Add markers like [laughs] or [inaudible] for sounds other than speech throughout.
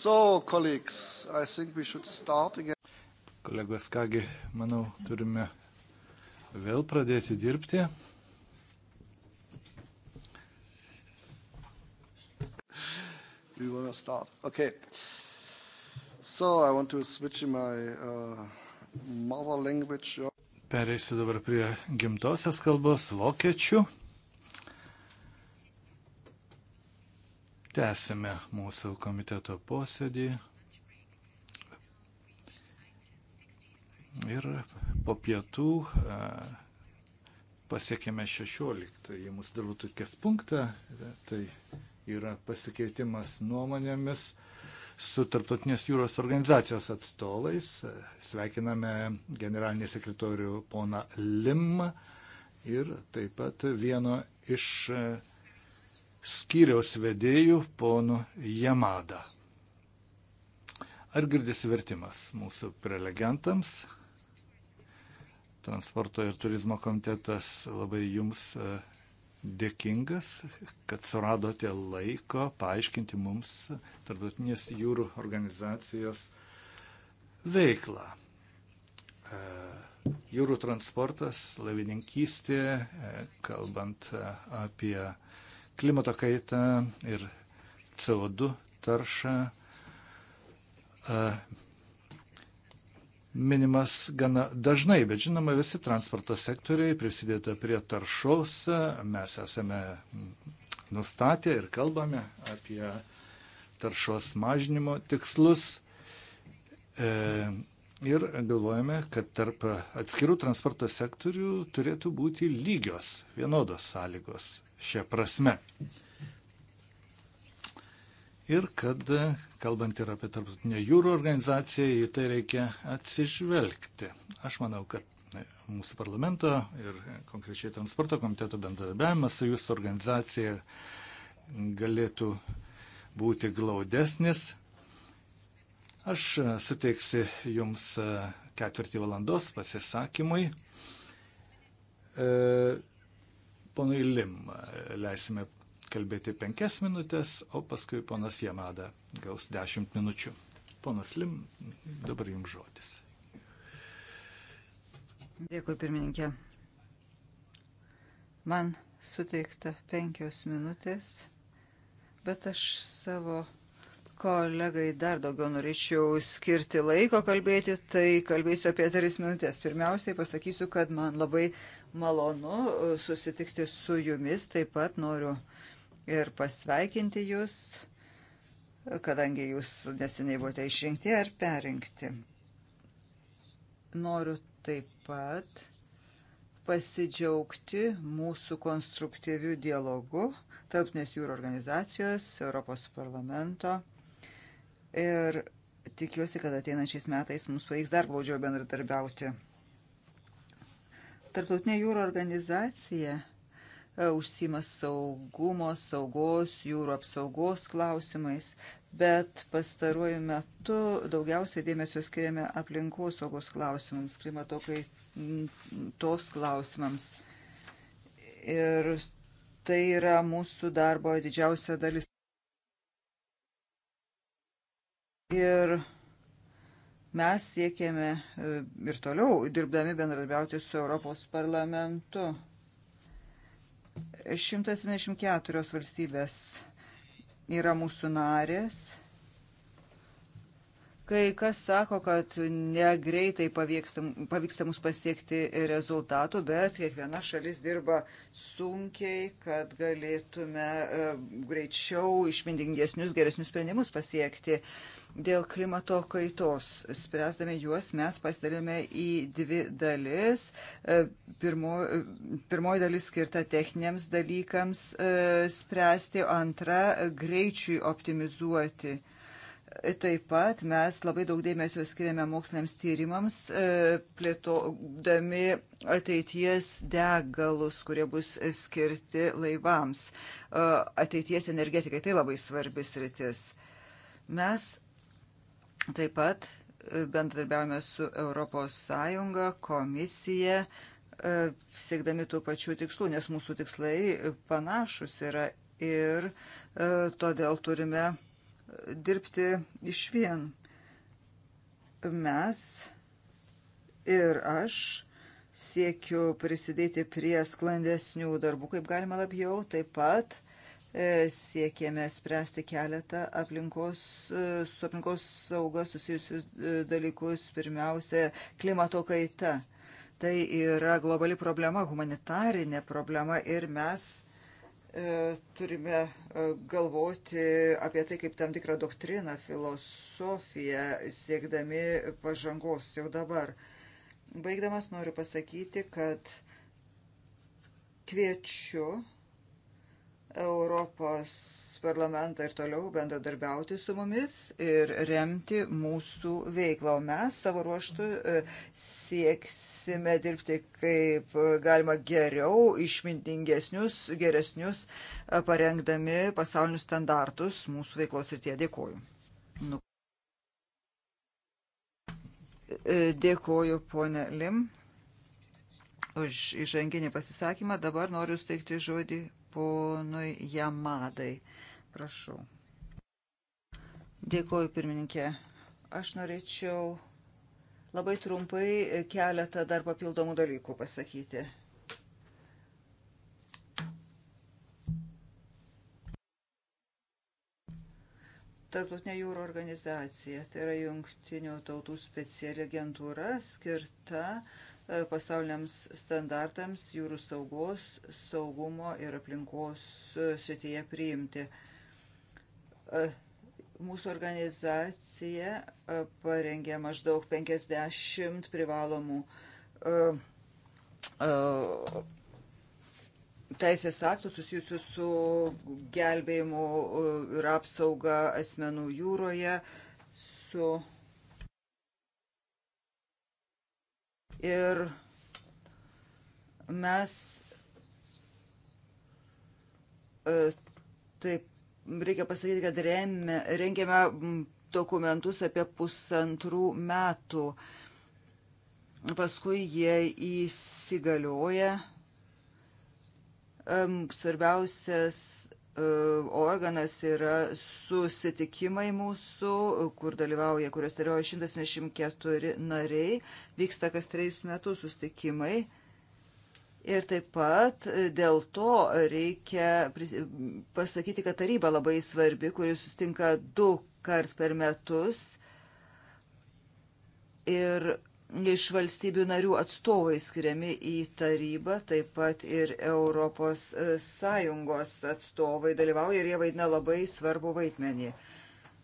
So, colleagues, I think we should start again. Kolegos, kągi, manau, turime vėl pradėti dirbti. Do you want to start? Okay. So, I want to switch my uh, mother language. Pereisiu dabar prie gimtosios kalbos, vokiečių. Tęsime mūsų komiteto posėdį. Ir po pietų e, pasiekėme 16. Į mūsų darbų turkės punktą. Tai yra pasikeitimas nuomonėmis su Tarptautinės jūros organizacijos atstovais. Sveikiname generalinį sekretorių poną Lim ir taip pat vieno iš skyriaus vedėjų ponu Jamada. Ar girdisi vertimas mūsų prelegentams? Transporto ir turizmo komitetas labai jums e, dėkingas, kad suradote laiko paaiškinti mums Tarptautinės jūrų organizacijos veiklą. E, jūrų transportas, lavininkystė, e, kalbant apie klimato kaitą ir CO2 taršą. Minimas gana dažnai, bet žinoma, visi transporto sektoriai prisidėta prie taršos. Mes esame nustatę ir kalbame apie taršos mažinimo tikslus. E, ir galvojame, kad tarp atskirų transporto sektorių turėtų būti lygios, vienodos sąlygos šią prasme. Ir kad, kalbant ir apie tarptautinę jūrų organizaciją, į tai reikia atsižvelgti. Aš manau, kad mūsų parlamento ir konkrečiai transporto komiteto bendradarbiavimas su jūsų organizacija galėtų būti glaudesnis Aš e, suteiksiu Jums e, ketvirtį valandos pasisakymui. E, ponui Lim leisime kalbėti penkias minutės, o paskui ponas Jamada gaus dešimt minučių. Ponas Lim, dabar Jums žodis. Dėkui, pirmininkė. Man suteikta penkios minutės, bet aš savo Kolegai dar daugiau norėčiau skirti laiko kalbėti, tai kalbėsiu apie tris minutės. Pirmiausiai pasakysiu, kad man labai malonu e, susitikti su jumis, taip pat noriu ir pasveikinti jūs, kadangi jūs neseniai buvote išrinkti ar perinkti. Noriu taip pat pasidžiaugti mūsų konstruktyviu dialogu tarpnės jūrų organizacijos, Europos parlamento ir tikiuosi, kad ateinančiais metais mums pavyks dar glaudžiau bendradarbiauti. Tarptautinė jūro organizacija e, užsima saugumo, saugos, jūro apsaugos klausimais, bet pastaruoju metu daugiausiai dėmesio skiriame aplinkos saugos klausimams, klimato kaitos klausimams. Ir tai yra mūsų darbo didžiausia dalis. Ir mes siekėme e, ir toliau dirbdami bendradarbiauti su Europos parlamentu. 174 valstybės yra mūsų narės Kai kas sako, kad negreitai pavyksta mums pasiekti rezultatų, bet kiekviena šalis dirba sunkiai, kad galėtume e, greičiau išmindingesnius, geresnius sprendimus pasiekti. Dėl klimato kaitos, spręsdami juos, mes pasidalėme į dvi dalis. E, pirmo, pirmoji dalis skirta techniniams dalykams e, spręsti, antra greičiui optimizuoti Taip pat mes labai daug dėmesio skiriame moksliniams tyrimams, e, plėtodami ateities degalus, kurie bus skirti laivams, e, ateities energetikai. Tai labai svarbis rytis. Mes taip pat e, bendradarbiavame su ES, komisija, siekdami tų pačių tikslų, nes mūsų tikslai panašus yra ir todėl turime dirbti iš vien. Mes ir aš siekiu prisidėti prie sklandesnių darbų, kaip galima labiau, taip pat e, siekėme spręsti keletą aplinkos, e, su aplinkos sauga susijusius e, dalykus, pirmiausia, klimato kaita. Tai yra globali problema, humanitarinė problema ir mes E, turime e, galvoti apie tai kaip tam tikrą doktriną, filosofiją, siekdami pažangos jau dabar. Baigdamas noriu pasakyti, kad kviečiu Europos parlamentą ir toliau bendradarbiauti su mumis ir remti mūsų veiklą. O mes savo ruoštų e, sieksime dirbti kaip galima geriau, išmintingesnius, geresnius, e, parengdami pasaulinius standartus mūsų veiklos ir tie dėkoju. Nu. E, dėkoju, ponė Lim, už įžanginį pasisakymą. Dabar noriu steigti žodį ponui Jamadai. Prašau. Dėkoju, pirmininkė. Aš norėčiau labai trumpai keletą dar papildomų dalykų pasakyti. Tarptautinė jūro organizacija, tai yra jungtinių tautų speciali agentūra skirta e, pasauliniams standartams jūrų saugos, saugumo ir aplinkos e, sityje priimti. Mūsų organizacija e, parengė maždaug 50 privalomų e, e, teisės aktų susijusių su gelbėjimu ir apsauga asmenų jūroje, su ir mes taip reikia pasakyti, kad remme, rengiame dokumentus apie pusantrų metų. Paskui jie įsigalioja. Svarbiausias e, organas yra susitikimai mūsų, kur dalyvauja, kurios dalyvauja 124 nariai, vyksta kas trejus metus susitikimai Ir taip pat e, dėl to reikia pasakyti, kad taryba labai svarbi, kuri sustinka du kart per metus ir iš valstybių narių atstovai skiriami į tarybą, taip pat ir Europos e, Sąjungos atstovai dalyvauja ir jie vaidina labai svarbu vaidmenį.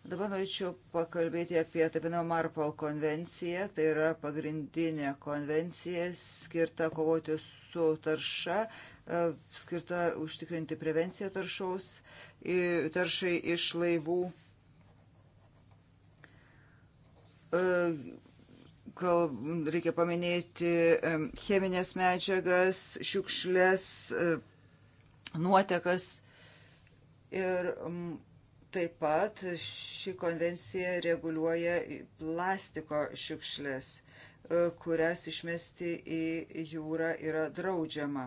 Dabar norėčiau pakalbėti apie taip vadinamą Marpol konvenciją. Tai yra pagrindinė konvencija skirta kovoti su tarša, e, skirta užtikrinti prevenciją taršaus, taršai iš laivų. E, kal, reikia paminėti e, cheminės medžiagas, šiukšlės, nuotekas ir Taip pat ši konvencija reguliuoja plastiko šiukšlės, e, kurias išmesti į jūrą yra draudžiama.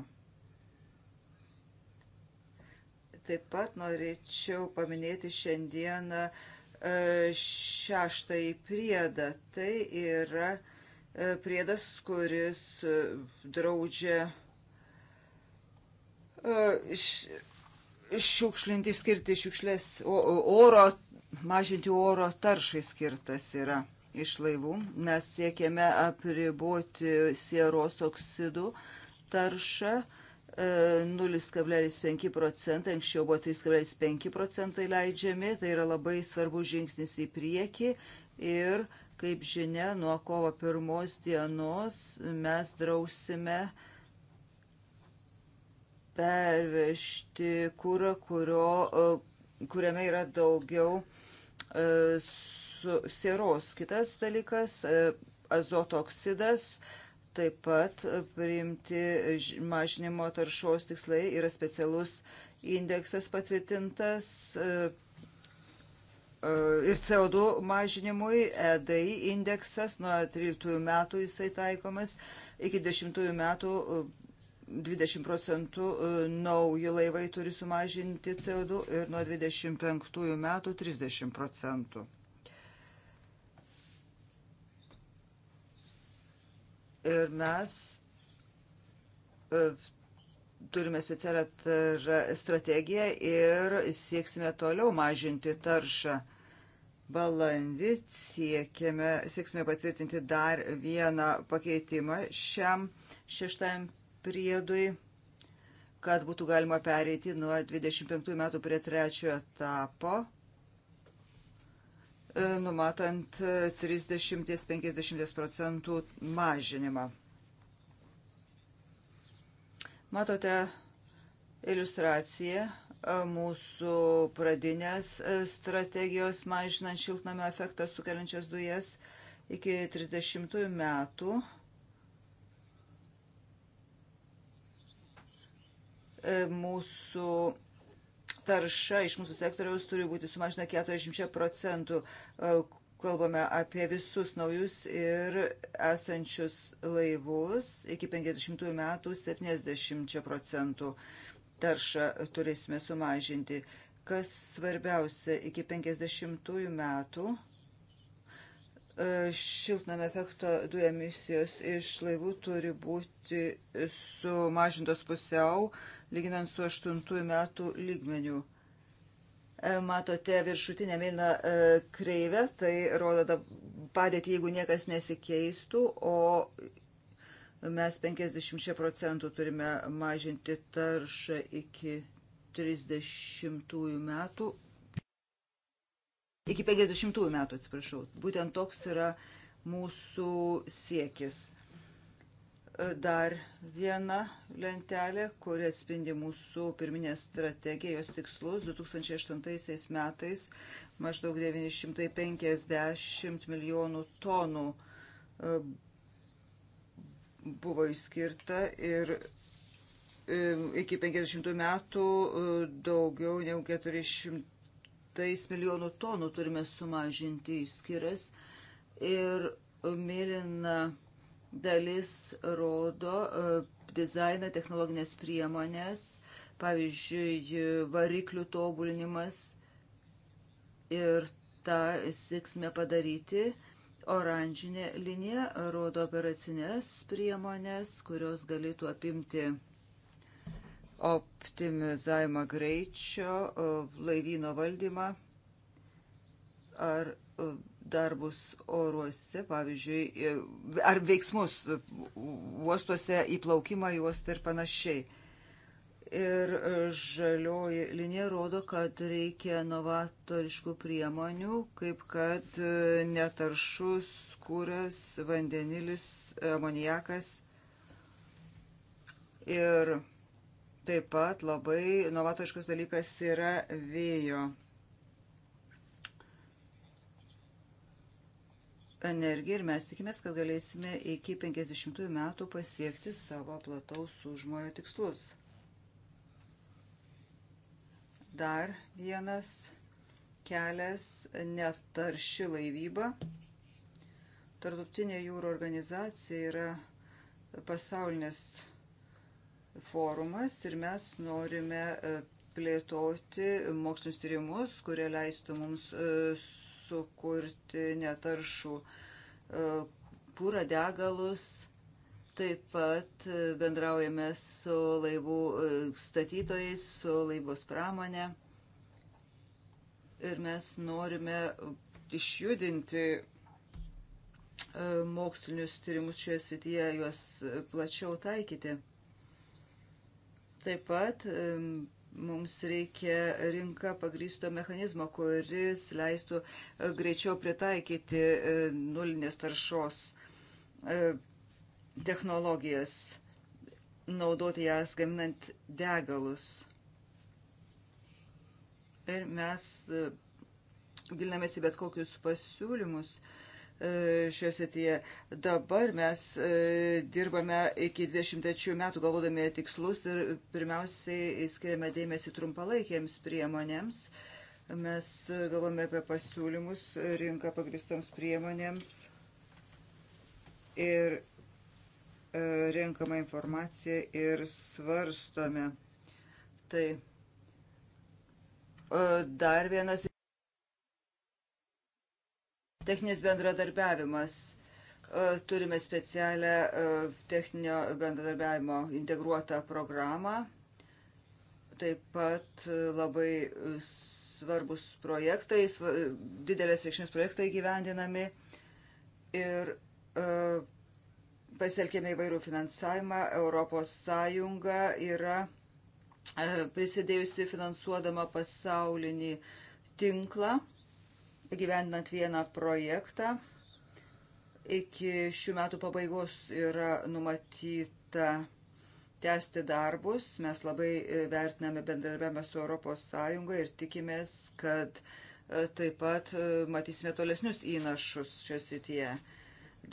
Taip pat norėčiau paminėti šiandieną e, šeštąjį priedą. Tai yra e, priedas, kuris draudžia šiukšlinti, išskirti šiukšlės oro, mažinti oro taršai skirtas yra iš laivų. Mes siekėme apriboti sieros oksidų taršą. 0,5 e, procentai, anksčiau buvo 3,5 procentai leidžiami, tai yra labai svarbus žingsnis į priekį ir, kaip žinia, nuo kovo pirmos dienos mes drausime uh, pervežti kūrą, kurio, e, kuriame yra daugiau e, sieros. Kitas dalykas e, - azoto oksidas. Taip pat priimti mažinimo taršos tikslai yra specialus indeksas patvirtintas ir CO2 mažinimui EDI indeksas nuo 13 metų jisai taikomas, iki 10 metų 20 procentų e, nauji laivai turi sumažinti CO2 ir nuo 25 metų 30 procentų. Ir mes e, turime specialią strategiją ir sieksime toliau mažinti taršą balandį siekėme, sieksime patvirtinti dar vieną pakeitimą šiam šeštajam priedui, kad būtų galima pereiti nuo 25 metų prie trečiojo etapo, e, numatant 30-50 procentų mažinimą. Matote iliustraciją e, mūsų pradinės e, strategijos mažinant šiltnamio efektą sukeliančias dujas iki 30 metų E, mūsų tarša iš mūsų sektoriaus turi būti sumažina 40 procentų. E, kalbame apie visus naujus ir esančius laivus iki 50 metų 70 procentų taršą turėsime sumažinti. Kas svarbiausia, iki 50 metų e, šiltnamio efekto dujų emisijos iš laivų turi būti sumažintos pusiau lyginant su 8 metų lygmeniu. E, matote viršutinę mėlyną e, kreivę, tai rodo padėtį, jeigu niekas nesikeistų, o mes 50 procentų turime mažinti taršą iki 30 metų, iki 50 metų, atsiprašau. Būtent toks yra mūsų siekis. E, dar viena lentelė, kuri atspindi mūsų pirminę strategiją, jos tikslus. 2008 metais maždaug 950 milijonų tonų e, buvo išskirta ir e, iki 50 metų daugiau negu 400 milijonų tonų turime sumažinti išskiras ir mėlyna dalis rodo e, dizainą, technologinės priemonės, pavyzdžiui, variklių tobulinimas ir tą sėksime padaryti. Oranžinė linija rodo operacinės priemonės, kurios galėtų apimti optimizavimą greičio, e, laivyno valdymą ar e, darbus oruose, pavyzdžiui, e, ar veiksmus uostuose įplaukimą į uostą ir panašiai. Ir e, žalioji linija rodo, kad reikia novatoriškų priemonių, kaip kad e, netaršus kūras, vandenilis, amoniakas. Ir taip pat labai novatoriškas dalykas yra vėjo energiją ir mes tikimės, kad galėsime iki 50 metų pasiekti savo plataus užmojo tikslus. Dar vienas kelias netarši laivyba. Tarptautinė jūro organizacija yra pasaulinis forumas ir mes norime e, plėtoti mokslinius tyrimus, kurie leistų mums e, sukurti netaršų kūrą e, degalus. Taip pat e, bendraujame su laivų e, statytojais, su laivos pramonė. Ir mes norime išjudinti mokslinius tyrimus šioje srityje, juos plačiau taikyti. Taip pat Mums reikia rinka pagrysto mechanizmo, kuris leistų e, greičiau pritaikyti e, nulinės taršos e, technologijas, naudoti jas gaminant degalus. Ir mes gilinamės į bet kokius pasiūlymus, uh, šioje srityje. Dabar mes e, dirbame iki 23 metų galvodami tikslus ir pirmiausiai skiriame dėmesį trumpalaikėms priemonėms. Mes galvome apie pasiūlymus rinką pagristoms priemonėms ir e, renkamą informaciją ir svarstome. Tai e, dar vienas techninis bendradarbiavimas. E, turime specialią e, techninio bendradarbiavimo integruotą programą. Taip pat e, labai svarbus projektai, didelės reikšmės projektai gyvendinami ir pasitelkėme įvairių finansavimą. Europos Sąjunga yra prisidėjusi finansuodama pasaulinį tinklą gyvendant vieną projektą. Iki šių metų pabaigos yra numatyta tęsti darbus. Mes labai e, vertiname bendarbiavimą su ES ir tikimės, kad e, taip pat e, matysime tolesnius įnašus šios sityje.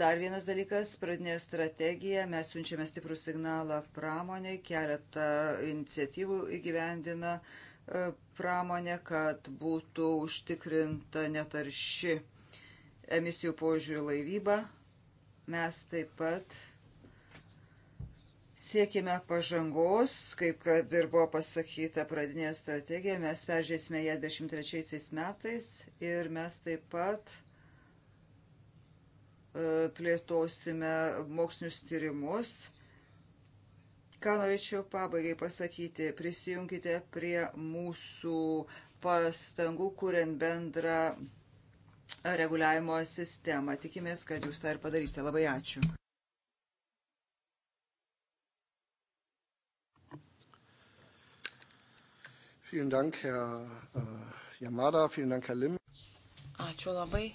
Dar vienas dalykas - pradinė strategija. Mes siunčiame stiprų signalą pramonė, keletą iniciatyvų įgyvendina. Uh, E, pramonė, kad būtų užtikrinta netarši emisijų požiūrių laivyba. Mes taip pat siekime pažangos, kaip kad ir buvo pasakyta pradinė strategija, mes peržiūrėsime ją 23 metais ir mes taip pat e, plėtosime mokslinius tyrimus Ką norėčiau pabaigai pasakyti, prisijunkite prie mūsų pastangų, kuriant bendrą reguliavimo sistemą. Tikimės, kad jūs tą ir padarysite. Labai ačiū. Vielen Dank, Herr äh, Yamada, vielen Dank, Herr Lim. Ačiū labai,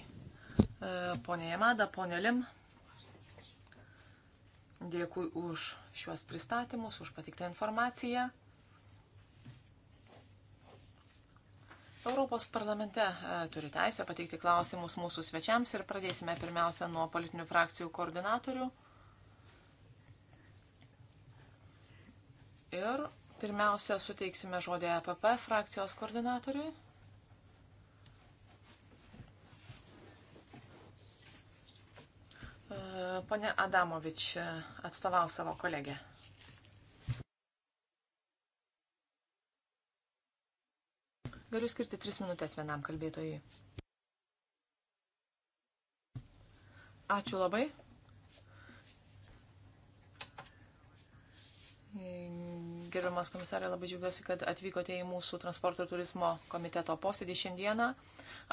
äh, ponė Yamada, ponė Lim. Dėkui už šiuos pristatymus, už patiktą informaciją. Europos parlamente e, turi teisę pateikti klausimus mūsų svečiams ir pradėsime pirmiausia nuo politinių frakcijų koordinatorių. Ir pirmiausia suteiksime žodį EPP frakcijos koordinatoriui. Pone Adamovič e, atstovau savo kolegę. Galiu skirti tris minutės vienam kalbėtojui. Ačiū labai. Gerbiamas komisarė, labai džiaugiuosi, kad atvykote į mūsų transporto ir turizmo komiteto posėdį šiandieną.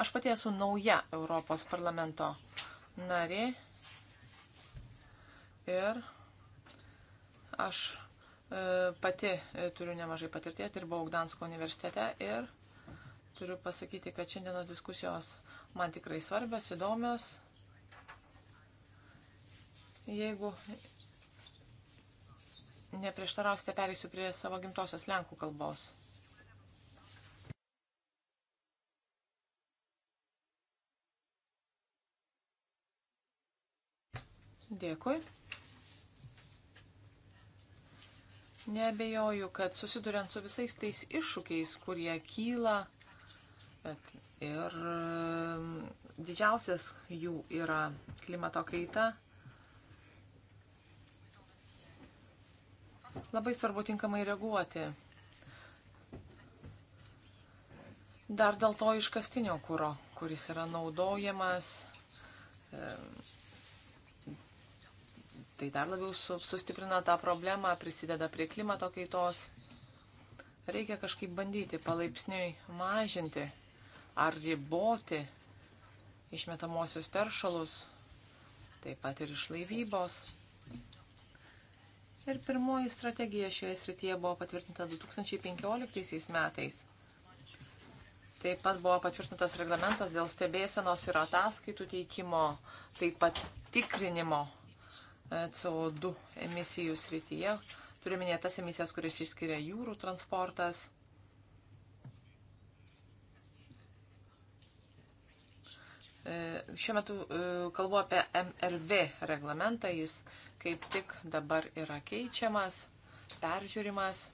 Aš pati esu nauja Europos parlamento narė ir aš e, pati e, turiu nemažai patirties, dirbau Gdansko universitete ir turiu pasakyti, kad šiandienos diskusijos man tikrai svarbios, įdomios. Jeigu neprieštarausite, pereisiu prie savo gimtosios lenkų kalbos. Dėkui. Nebejoju, kad susiduriant su visais tais iššūkiais, kurie kyla, bet ir um, didžiausias jų yra klimato kaita, labai svarbu tinkamai reaguoti. Dar dėl to iškastinio kūro, kuris yra naudojamas um, Tai dar labiau su, sustiprina tą problemą, prisideda prie klimato kaitos. Reikia kažkaip bandyti palaipsniui mažinti ar riboti išmetamosius teršalus, taip pat ir iš laivybos. Ir pirmoji strategija šioje srityje buvo patvirtinta 2015 metais. Taip pat buvo patvirtintas reglamentas dėl stebėsenos ir ataskaitų teikimo, taip pat tikrinimo CO2 emisijų srityje. Turime ne tas emisijas, kurias išskiria jūrų transportas. E, šiuo metu e, kalbu apie MRV reglamentą, jis kaip tik dabar yra keičiamas, peržiūrimas.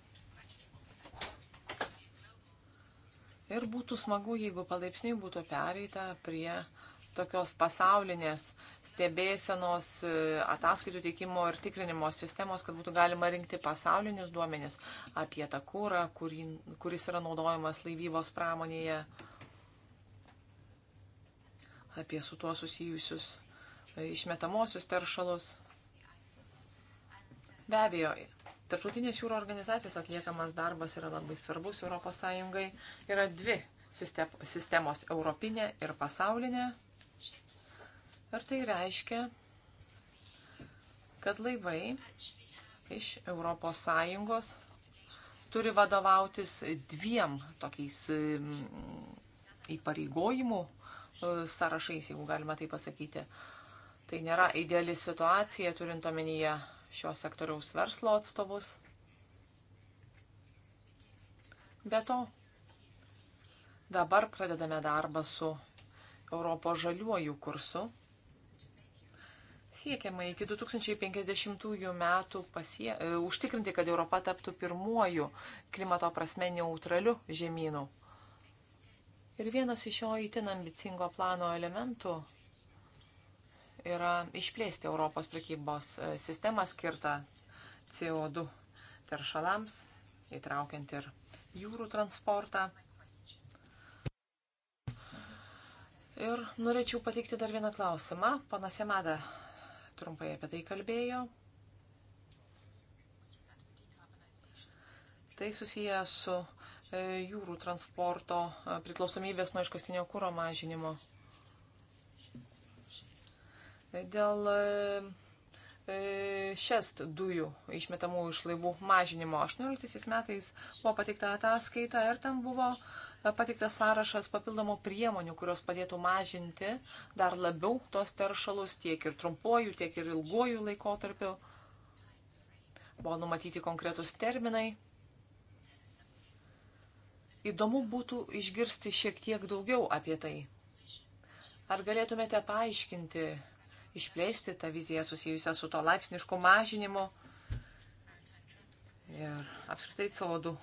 Ir būtų smagu, jeigu palaipsniui būtų pereita prie uh, tokios pasaulinės stebėsenos e, ataskaitų teikimo ir tikrinimo sistemos, kad būtų galima rinkti pasaulinius duomenis apie tą kūrą, kurį, kuris yra naudojamas laivybos pramonėje, apie su tuo susijusius e, išmetamosius teršalus. Be abejo, Tarptautinės jūro organizacijos atliekamas darbas yra labai svarbus ES. Yra dvi sistemos - europinė ir pasaulinė. Ar tai reiškia, kad laivai iš ES turi vadovautis dviem tokiais mm, įpareigojimų e, sąrašais, jeigu galima tai pasakyti. Tai nėra ideali situacija, turint omenyje šio sektoriaus verslo atstovus. Be to, dabar pradedame darbą su Europos žaliuoju kursu. Siekiama iki 2050 metų pasie... E, užtikrinti, kad Europa taptų pirmuoju klimato prasme neutraliu žemynu. Ir vienas iš jo įtin ambicingo plano elementų yra išplėsti Europos prekybos e, sistemą skirtą CO2 teršalams, įtraukiant ir jūrų transportą. Ir norėčiau pateikti dar vieną klausimą. Panas Jamada trumpai apie tai kalbėjo. Tai susiję su e, jūrų transporto e, priklausomybės nuo iškastinio kūro mažinimo. Dėl e, šest dujų išmetamų iš laivų mažinimo 18 metais buvo pateikta ataskaita ir tam buvo uh, pateiktas sąrašas papildomų priemonių, kurios padėtų mažinti dar labiau tos teršalus tiek ir trumpuoju, tiek ir ilguoju laikotarpiu. Buvo numatyti konkretus terminai. Įdomu būtų išgirsti šiek tiek daugiau apie tai. Ar galėtumėte paaiškinti, išplėsti tą viziją susijusią su to laipsnišku mažinimu ir apskritai CO2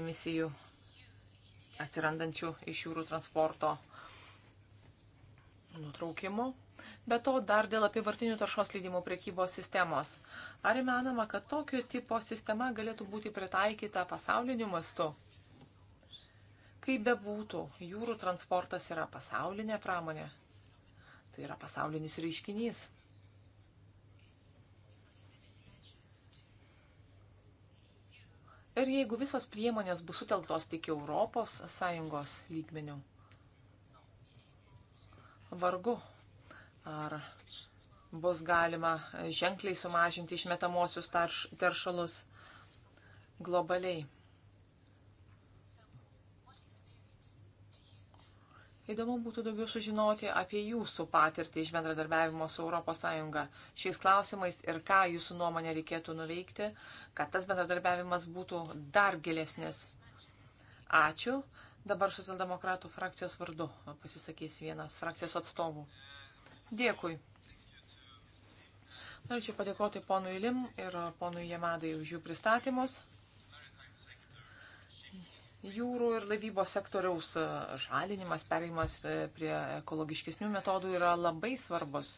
emisijų atsirandančių iš jūrų transporto nutraukimo. Be to, dar dėl apivartinių taršos leidimų priekybos sistemos. Ar įmanoma, kad tokio tipo sistema galėtų būti pritaikyta pasauliniu mastu? Kaip bebūtų, jūrų transportas yra pasaulinė pramonė. Tai yra pasaulinis reiškinys. Ir jeigu visos priemonės bus sutelktos tik ES lygmenių, vargu ar bus galima ženkliai sumažinti išmetamosius teršalus globaliai. Įdomu būtų daugiau sužinoti apie jūsų patirtį iš bendradarbiavimo su ES šiais klausimais ir ką jūsų nuomonė reikėtų nuveikti, kad tas bendradarbiavimas būtų dar gilesnis. Ačiū. Dabar socialdemokratų frakcijos vardu pasisakys vienas frakcijos atstovų. Dėkui. Norėčiau padėkoti ponui Lim ir ponui Jemadai už jų pristatymus. Jūrų ir laivybos sektoriaus e, žalinimas, perėjimas e, prie ekologiškesnių metodų yra labai svarbus,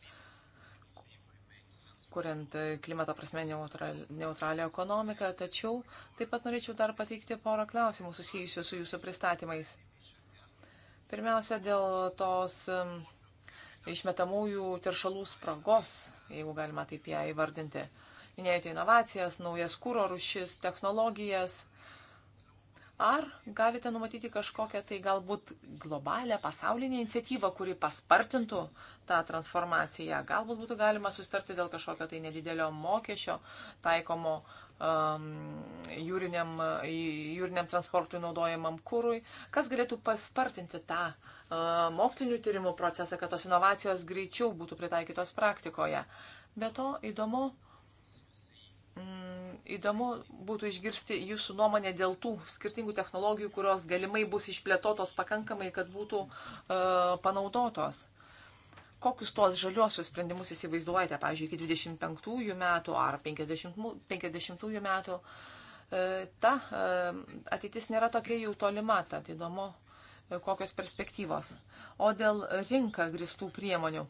kuriant e, klimato prasme neutralią ekonomiką. Tačiau taip pat norėčiau dar pateikti porą klausimų susijusių su jūsų pristatymais. Pirmiausia, dėl tos išmetamųjų teršalų spragos, jeigu galima taip ją įvardinti. Minėjote inovacijas, naujas kūro rušis, technologijas. Ar galite numatyti kažkokią tai galbūt globalę pasaulinę iniciatyvą, kuri paspartintų tą transformaciją? Galbūt būtų galima sustarti dėl kažkokio tai nedidelio mokesčio taikomo um, jūriniam, jūriniam transportui naudojamam kūrui. Kas galėtų paspartinti tą uh, mokslinių tyrimų procesą, kad tos inovacijos greičiau būtų pritaikytos praktikoje? Be to įdomu, uh, Įdomu būtų išgirsti jūsų nuomonę dėl tų skirtingų technologijų, kurios galimai bus išplėtotos pakankamai, kad būtų uh, panaudotos. Kokius tuos žaliuosius sprendimus įsivaizduojate, pavyzdžiui, iki 25 metų ar 50, 50 metų? Uh, ta uh, ateitis nėra tokia jau tolima, tad įdomu, uh, kokios perspektyvos. O dėl rinką gristų priemonių.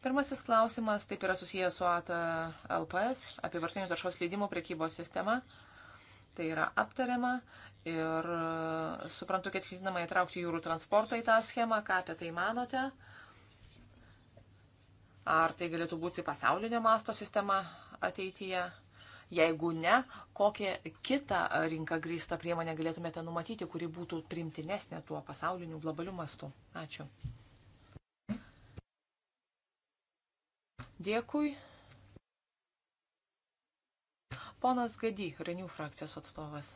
Pirmasis klausimas taip yra susijęs su ATA LPS, apivartinių taršos leidimų priekybos sistema. Tai yra aptariama ir e, suprantu, kad ketinama įtraukti jūrų transportą į tą schemą. Ką apie tai manote? Ar tai galėtų būti pasaulinio masto sistema ateityje? Jeigu ne, kokią kitą rinką grįstą priemonę galėtumėte numatyti, kuri būtų primtinesnė tuo pasauliniu globaliu mastu? Ačiū. Dėkui. Ponas Gady, Renių frakcijos atstovas.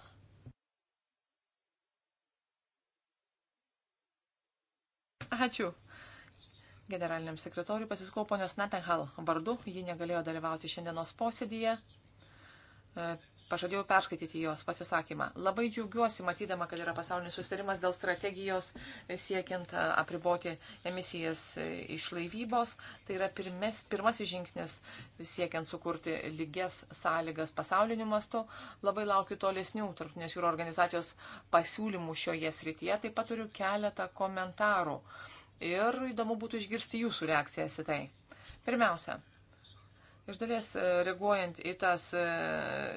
Ačiū. Generaliniam sekretoriui pasiskau ponios Netenhal vardu. Ji negalėjo dalyvauti šiandienos posėdyje pažadėjau perskaityti jos pasisakymą. Labai džiaugiuosi matydama, kad yra pasaulinis susitarimas dėl strategijos e, siekiant e, apriboti emisijas e, iš laivybos. Tai yra pirmes, pirmasis žingsnis siekiant sukurti lygias sąlygas pasauliniu mastu. Labai laukiu tolesnių tarptautinės jūro organizacijos pasiūlymų šioje srityje. Taip pat turiu keletą komentarų. Ir įdomu būtų išgirsti jūsų reakcijas į tai. Pirmiausia, Iš dalies e, reaguojant į tas e,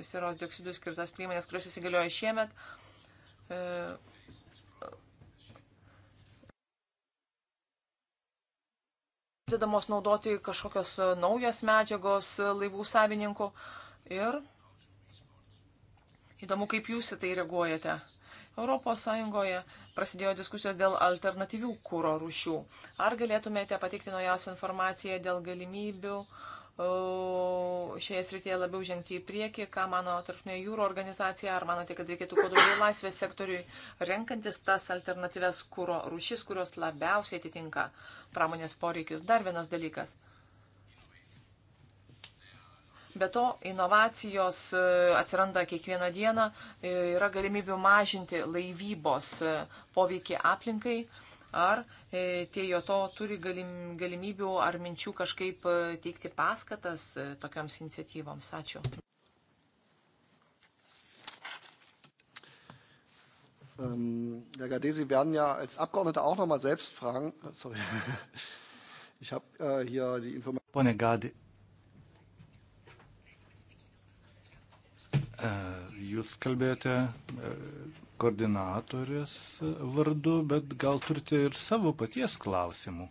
siros dioksidų skirtas priemonės, kurios įsigaliojo šiemet, e, pradedamos naudoti kažkokios naujos medžiagos laivų savininkų ir įdomu, kaip jūs į tai reaguojate. Europos Sąjungoje prasidėjo diskusijos dėl alternatyvių kūro rūšių. Ar galėtumėte pateikti naujausią informaciją dėl galimybių uh, šioje srityje labiau žengti į priekį, ką mano tarpinė jūro organizacija, ar manote, kad reikėtų kuo daugiau laisvės sektoriui, renkantis tas alternatyves kūro rūšis, kurios labiausiai atitinka pramonės poreikius. Dar vienas dalykas. Be to, inovacijos e, atsiranda kiekvieną dieną, e, yra galimybių mažinti laivybos e, poveikį aplinkai ar e, tie jo to turi galim, galimybių ar minčių kažkaip e, teikti paskatas e, tokiams iniciatyvoms. Ačiū. Ähm, Herr Gade, Sie werden ja als Abgeordneter auch nochmal selbst fragen. Äh, sorry. [laughs] Ich habe äh, hier die Information. Äh, jūs kalbėjote äh, koordinatorės vardu, bet gal turite ir savo paties klausimų.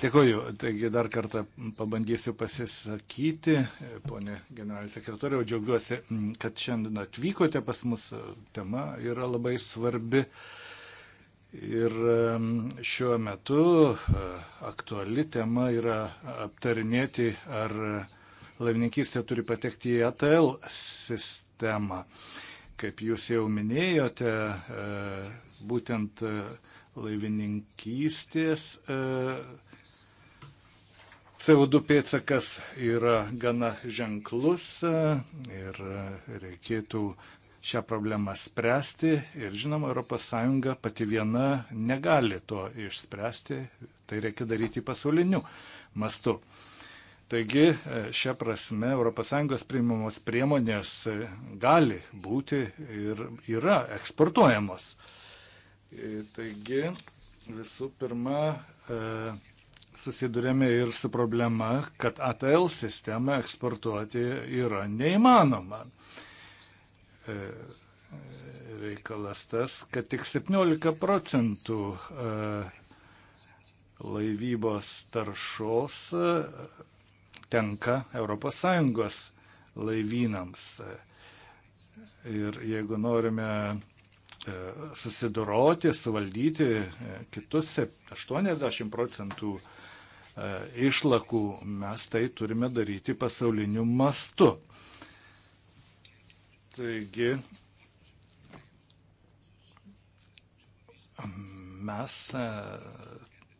Dėkuoju, taigi dar kartą pabandysiu pasisakyti, ponė generalinė sekretorija, džiaugiuosi, kad šiandien atvykote pas mus, tema yra labai svarbi ir šiuo metu e, aktuali tema yra aptarinėti, ar laivininkystė turi patekti į ATL sistemą. Kaip jūs jau minėjote, e, būtent e, laivininkystės e, CO2 pėtsakas yra gana ženklus ir reikėtų šią problemą spręsti ir žinoma, ES pati viena negali to išspręsti, tai reikia daryti pasauliniu mastu. Taigi, e, šią prasme, ES priimamos priemonės e, gali būti ir yra eksportuojamos. E, taigi, visų pirma, susidurėme ir su problema, kad ATL sistemą eksportuoti yra neįmanoma. Reikalas tas, kad tik 17 procentų laivybos taršos tenka ES laivynams. Ir jeigu norime e, susidoroti, suvaldyti e, kitus 80 procentų e, išlakų, mes tai turime daryti pasauliniu mastu. Taigi mes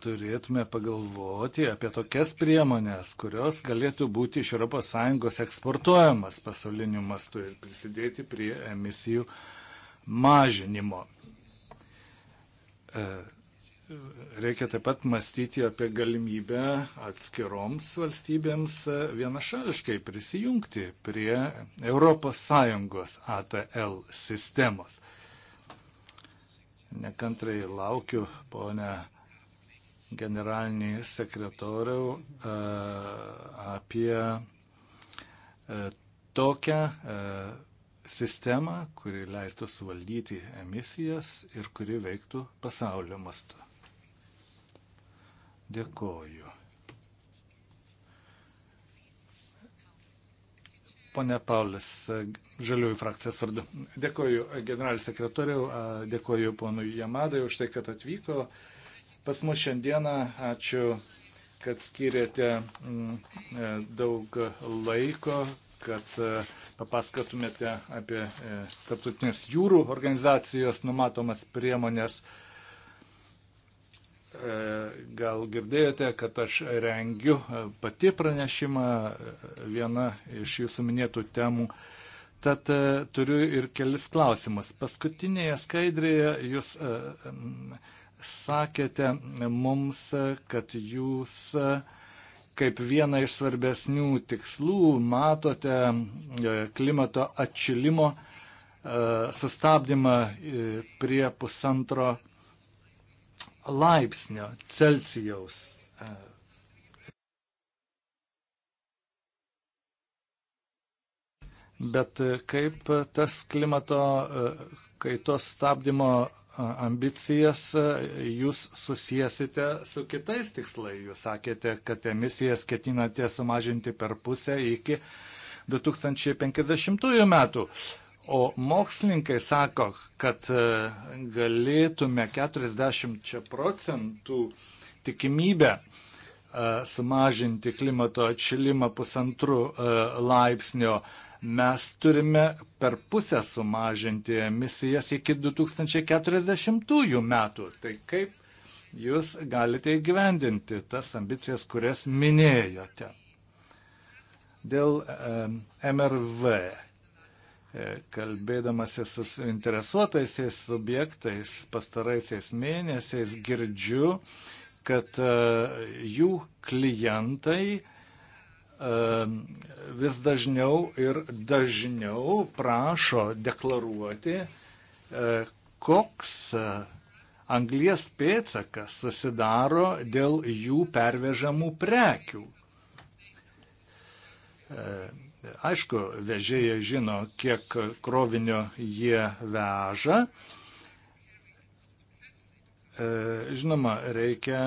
turėtume pagalvoti apie tokias priemonės, kurios galėtų būti iš ES eksportuojamas pasauliniu mastu ir prisidėti prie emisijų mažinimo. E, reikia taip pat mąstyti apie galimybę atskiroms valstybėms e, vienašališkai prisijungti prie ES ATL sistemos. Nekantrai laukiu, ponia generalinį sekretoriau e, apie e, tokią e, sistemą, kuri leistų suvaldyti emisijas ir kuri veiktų pasaulio mastu. Dėkoju. Pone Paulis, Žaliųjų frakcijos vardu. Dėkoju generalis sekretoriau, dėkoju ponui Jamadai už tai, kad atvyko pas mus šiandieną. Ačiū, kad skiriate mm, e, daug laiko, kad e, papasakotumėte apie e, Tarptautinės jūrų organizacijos numatomas priemonės. Gal girdėjote, kad aš rengiu pati pranešimą viena iš jūsų minėtų temų. Tad turiu ir kelis klausimus. Paskutinėje skaidrėje jūs. Uh, sakėte mums, kad jūs kaip vieną iš svarbesnių tikslų matote e, klimato atšilimo e, sustabdymą e, prie pusantro laipsnio Celsijaus. Bet kaip tas klimato kaitos stabdymo ambicijas jūs susijęsite su kitais tikslai. Jūs sakėte, kad emisijas ketinate sumažinti per pusę iki 2050 metų. O mokslininkai sako, kad galėtume 40 procentų tikimybę sumažinti klimato atšilimą pusantru laipsnio mes turime per pusę sumažinti emisijas iki 2040 metų. Tai kaip jūs galite įgyvendinti tas ambicijas, kurias minėjote? Dėl MRV e, kalbėdamasi su interesuotaisiais subjektais pastaraisiais mėnesiais girdžiu, kad e, jų klientai vis dažniau ir dažniau prašo deklaruoti, e, koks e, anglies pėtsakas susidaro dėl jų pervežamų prekių. E, aišku, vežėjai žino, kiek krovinio jie veža. Žinoma, reikia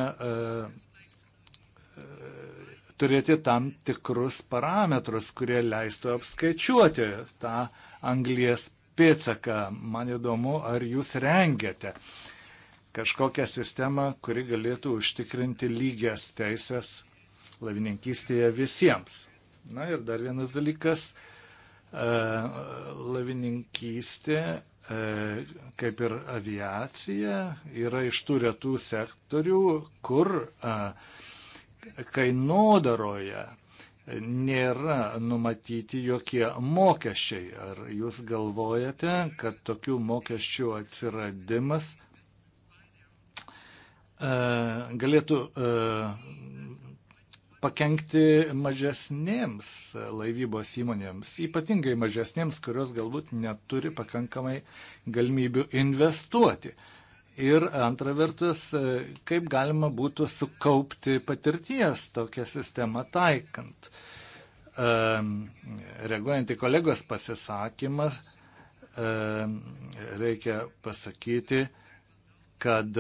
turėti tam tikrus parametrus, kurie leistų apskaičiuoti tą anglies pėtsaką. Man įdomu, ar jūs rengiate kažkokią sistemą, kuri galėtų užtikrinti lygias teisės lavininkystėje visiems. Na ir dar vienas dalykas e, lavininkystė, e, kaip ir aviacija, yra iš tų retų sektorių, kur e, kainodaroje nėra numatyti jokie mokesčiai. Ar jūs galvojate, kad tokių mokesčių atsiradimas e, galėtų e, pakengti mažesnėms laivybos įmonėms, ypatingai mažesnėms, kurios galbūt neturi pakankamai galimybių investuoti. Uh, Ir antra vertus, kaip galima būtų sukaupti patirties tokią sistemą taikant. Reaguojant į kolegos pasisakymą, reikia pasakyti, kad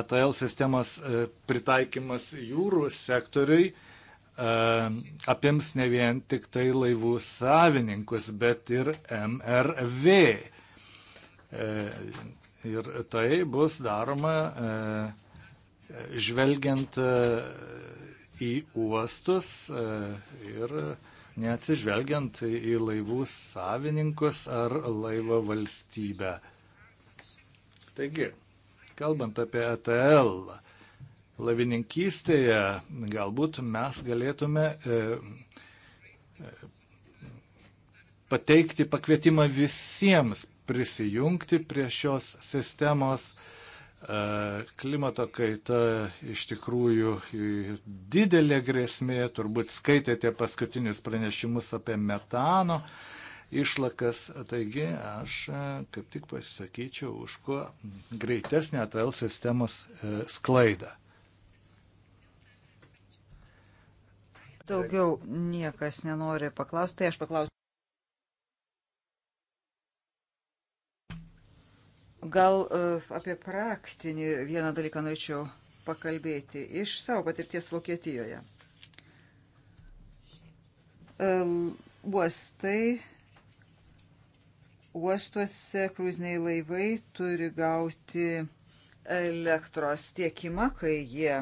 ATL sistemos e, pritaikymas jūrų sektoriui apims ne vien tik tai laivų savininkus, bet ir MRV e, Ir tai bus daroma e, žvelgiant e, į uostus e, ir neatsižvelgiant į laivų savininkus ar laivo valstybę. Taigi, kalbant apie ATL, lavininkystėje galbūt mes galėtume pateikti pakvietimą visiems prisijungti prie šios sistemos. E, klimato kaita iš tikrųjų didelė grėsmė, turbūt skaitėte paskutinius pranešimus apie metano išlakas, taigi aš e, kaip tik pasisakyčiau už kuo greitesnę ATL sistemos e, sklaidą. Daugiau niekas nenori paklausti, tai aš paklausiu. Gal e, apie praktinį vieną dalyką norėčiau pakalbėti iš savo patirties Vokietijoje. E, uostai, uostuose kruiziniai laivai turi gauti elektros tiekimą, kai jie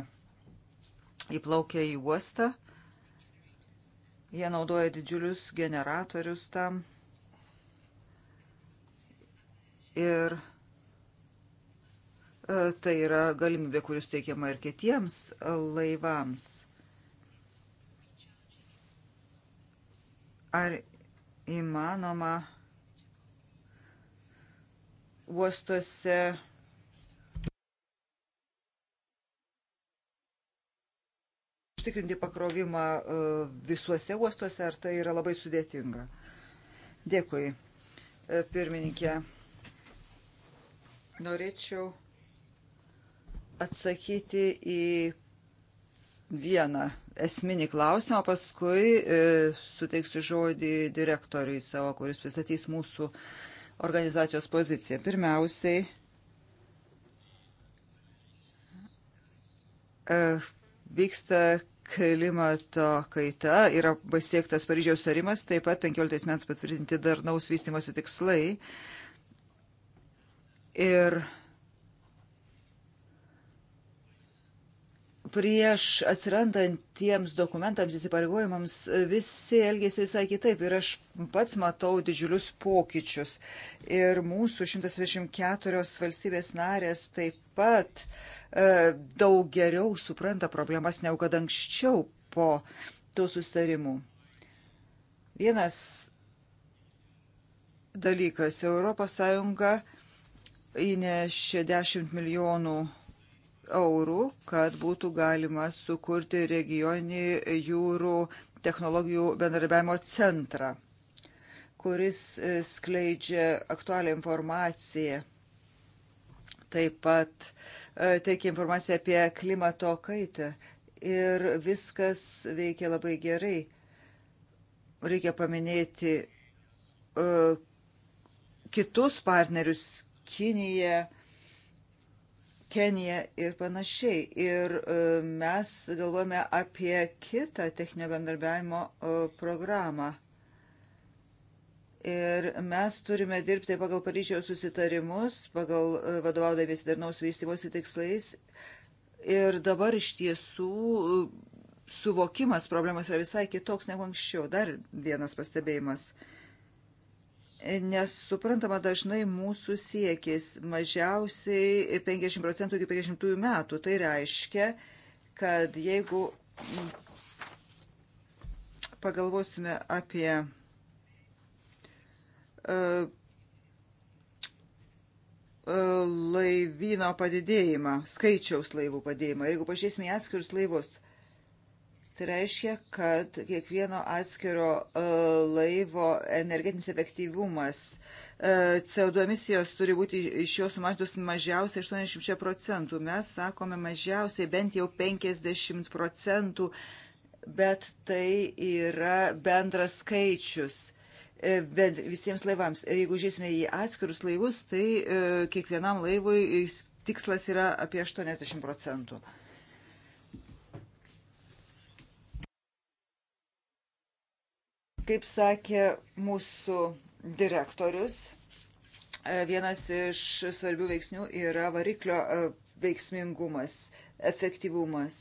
įplaukia į uostą. Jie naudoja didžiulius generatorius tam. Ir E, tai yra galimybė, kuris teikiama ir kitiems laivams. Ar įmanoma uostuose užtikrinti pakrovimą e, visuose uostuose, ar tai yra labai sudėtinga? Dėkui, e, pirmininkė. Norėčiau atsakyti į vieną esminį klausimą, paskui e, suteiksiu žodį direktoriui savo, kuris pristatys mūsų organizacijos poziciją. Pirmiausiai, e, vyksta klimato kaita, yra pasiektas Paryžiaus tarimas, taip pat 15 metais patvirtinti darnaus vystimosi tikslai. Ir prieš atsirandantiems dokumentams įsipareigojimams visi elgėsi visai kitaip ir aš pats matau didžiulius pokyčius. Ir mūsų 124 valstybės narės taip pat e, daug geriau supranta problemas negu kad anksčiau po to sustarimų. Vienas dalykas - ES įnešė 10 milijonų eurų, kad būtų galima sukurti regionį jūrų technologijų bendarbiavimo centrą, kuris e, skleidžia aktualią informaciją. Taip pat e, teikia informaciją apie klimato kaitą ir viskas veikia labai gerai. Reikia paminėti uh, kitus partnerius Kiniją, Kenija ir panašiai. Ir e, mes galvojame apie kitą techninio bendarbiavimo e, programą. Ir mes turime dirbti pagal Paryžiaus susitarimus, pagal e, vadovaudavėsi darnaus vystimosi tikslais. Ir dabar iš tiesų suvokimas problemos yra visai kitoks negu anksčiau. Dar vienas pastebėjimas. Uh, nesuprantama dažnai mūsų siekis mažiausiai 50 procentų iki 50 metų. Tai reiškia, kad jeigu pagalvosime apie uh, laivyno padidėjimą, skaičiaus laivų padidėjimą. Ir jeigu pažiūrėsime į atskirius laivus, Tai reiškia, kad kiekvieno atskiro e, laivo energetinis efektyvumas e, CO2 emisijos turi būti iš jo sumažintos mažiausiai 80 procentų. Mes sakome mažiausiai bent jau 50 procentų, bet tai yra bendras skaičius e, bet visiems laivams. Jeigu žiūrėsime į atskirus laivus, tai kiekvienam laivui tikslas yra apie 80 procentų. Kaip sakė mūsų direktorius, e, vienas iš svarbių veiksnių yra variklio e, veiksmingumas, efektyvumas.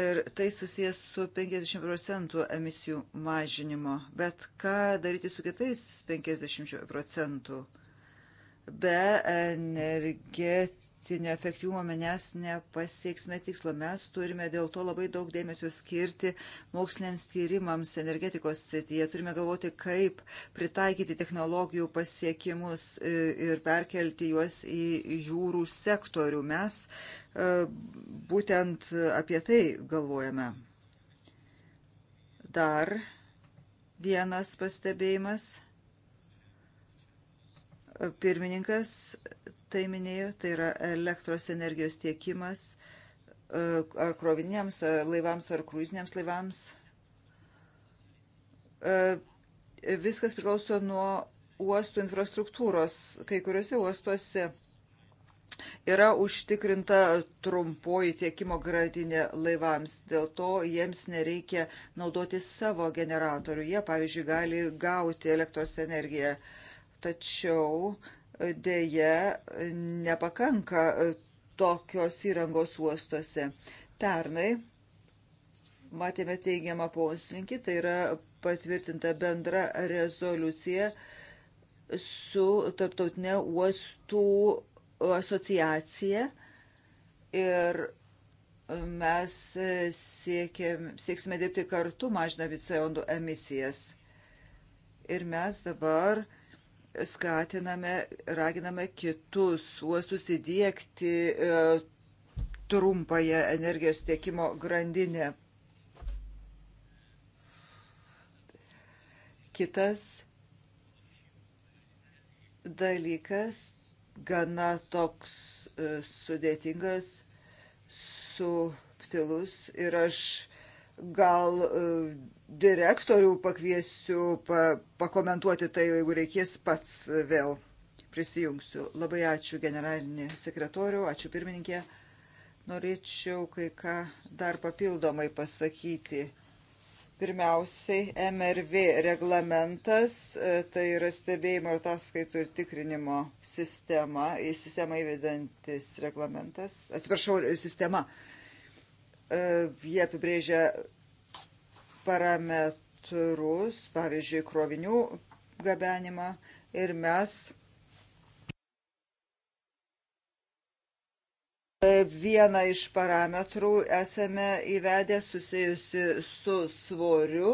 Ir tai susijęs su 50 procentų emisijų mažinimo. Bet ką daryti su kitais 50 procentų? Be energetikos energetinio efektyvumo mes nepasieksime tikslo. Mes turime dėl to labai daug dėmesio skirti moksliniams tyrimams energetikos srityje. Turime galvoti, kaip pritaikyti technologijų pasiekimus e, ir perkelti juos į jūrų sektorių. Mes e, būtent apie tai galvojame. Dar vienas pastebėjimas pirmininkas tai minėjo, tai yra elektros energijos tiekimas e, ar kroviniams laivams ar kruiziniams laivams. E, viskas priklauso nuo uostų infrastruktūros. Kai kuriuose uostuose yra užtikrinta trumpoji tiekimo gradinė laivams, dėl to jiems nereikia naudoti savo generatorių. Jie, pavyzdžiui, gali gauti elektros energiją. Tačiau dėje nepakanka e, tokios įrangos uostuose. Pernai matėme teigiamą poslinkį, tai yra patvirtinta bendra rezoliucija su tarptautinė uostų asociacija ir mes siekėm, sieksime dirbti kartu mažinant CO2 emisijas. Ir mes dabar uh, skatiname, raginame kitus uostus įdėkti e, trumpąją energijos tiekimo grandinę. Kitas dalykas gana toks e, sudėtingas, subtilus ir aš gal e, direktorių pakviesiu pa, pakomentuoti tai, jeigu reikės pats vėl prisijungsiu. Labai ačiū generalinį sekretorių, ačiū pirmininkė. Norėčiau kai ką dar papildomai pasakyti. Pirmiausiai, MRV reglamentas, e, tai yra stebėjimo ir ataskaitų ir tikrinimo sistema, į sistemą įvedantis reglamentas, atsiprašau, sistema. E, jie apibrėžia parametrus, pavyzdžiui, krovinių gabenimą ir mes Vieną iš parametrų esame įvedę susijusi su svoriu,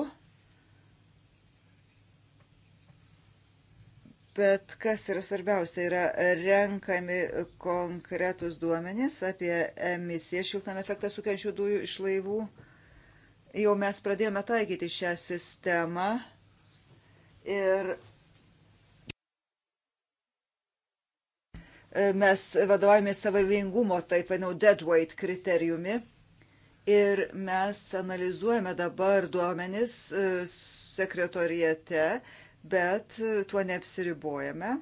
bet kas yra svarbiausia, yra renkami konkretus duomenys apie emisiją šiltnamio efektą sukenčių dujų iš laivų. Jau mes pradėjome taikyti šią sistemą ir mes vadovavome savaivingumo, taip vadinau, deadweight kriterijumi. Ir mes analizuojame dabar duomenis e, sekretorijate, bet e, tuo neapsiribojame.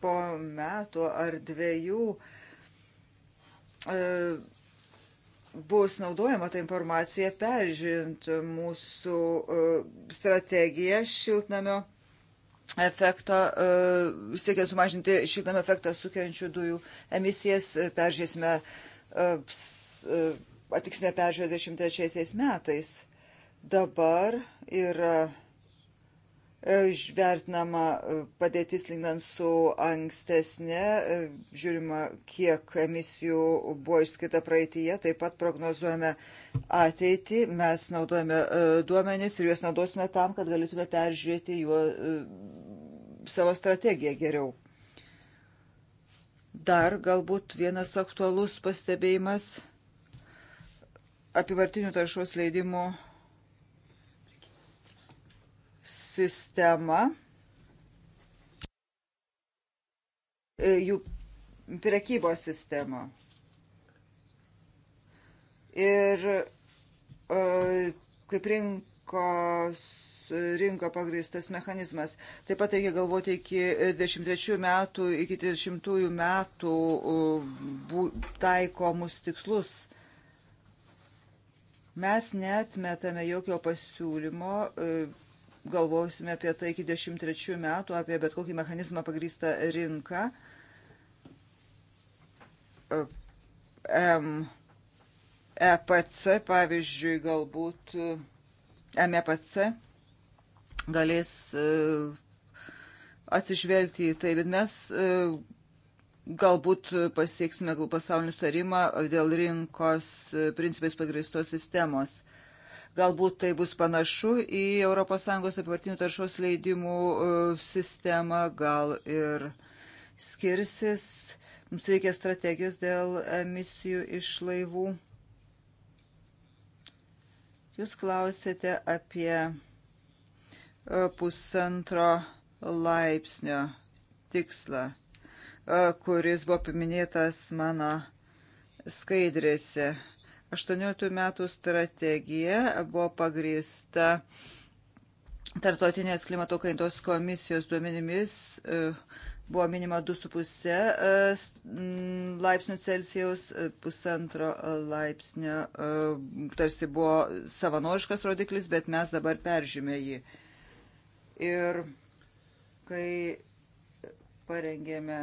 Po metų ar dviejų e, bus naudojama ta informacija peržiūrint mūsų e, strategiją šiltnamio efektą, e, siekiant sumažinti šiltnamio efektą sukiančių dujų emisijas, e, peržiūrėsime, atiksime peržiūrę 23 metais. Dabar yra E, vertinama e, padėtis lygnant su ankstesnė, e, žiūrima, kiek emisijų buvo išskirta praeitįje, taip pat prognozuojame ateitį, mes naudojame duomenis ir juos naudosime tam, kad galėtume peržiūrėti juo savo strategiją geriau. Dar galbūt vienas aktualus pastebėjimas apivartinių taršos leidimų sistemą, e, jų prekybos sistemą. Ir e, kaip rinkos rinko pagrįstas mechanizmas. Taip pat reikia galvoti iki 23 metų, iki 30 metų e, taikomus tikslus. Mes netmetame jokio pasiūlymo galvosime apie tai iki 23 metų, apie bet kokį mechanizmą pagrįstą rinką. M, EPC, pavyzdžiui, galbūt MEPC galės e, atsižvelgti į tai, bet mes e, galbūt pasieksime pasaulinį sutarimą dėl rinkos e, principais pagristos sistemos. Galbūt tai bus panašu į ES apivartinių taršos leidimų e, sistemą, gal ir skirsis. Mums reikia strategijos dėl emisijų iš laivų. Jūs klausėte apie e, pusantro laipsnio tikslą, e, kuris buvo paminėtas mano skaidrėse. 18 metų strategija buvo pagrįsta Tartotinės klimato kaitos komisijos duomenimis e, buvo minima 2,5 e, laipsnių Celsijaus, e, pusantro laipsnio, tarsi buvo savanoriškas rodiklis, bet mes dabar peržymė jį. Ir kai parengėme,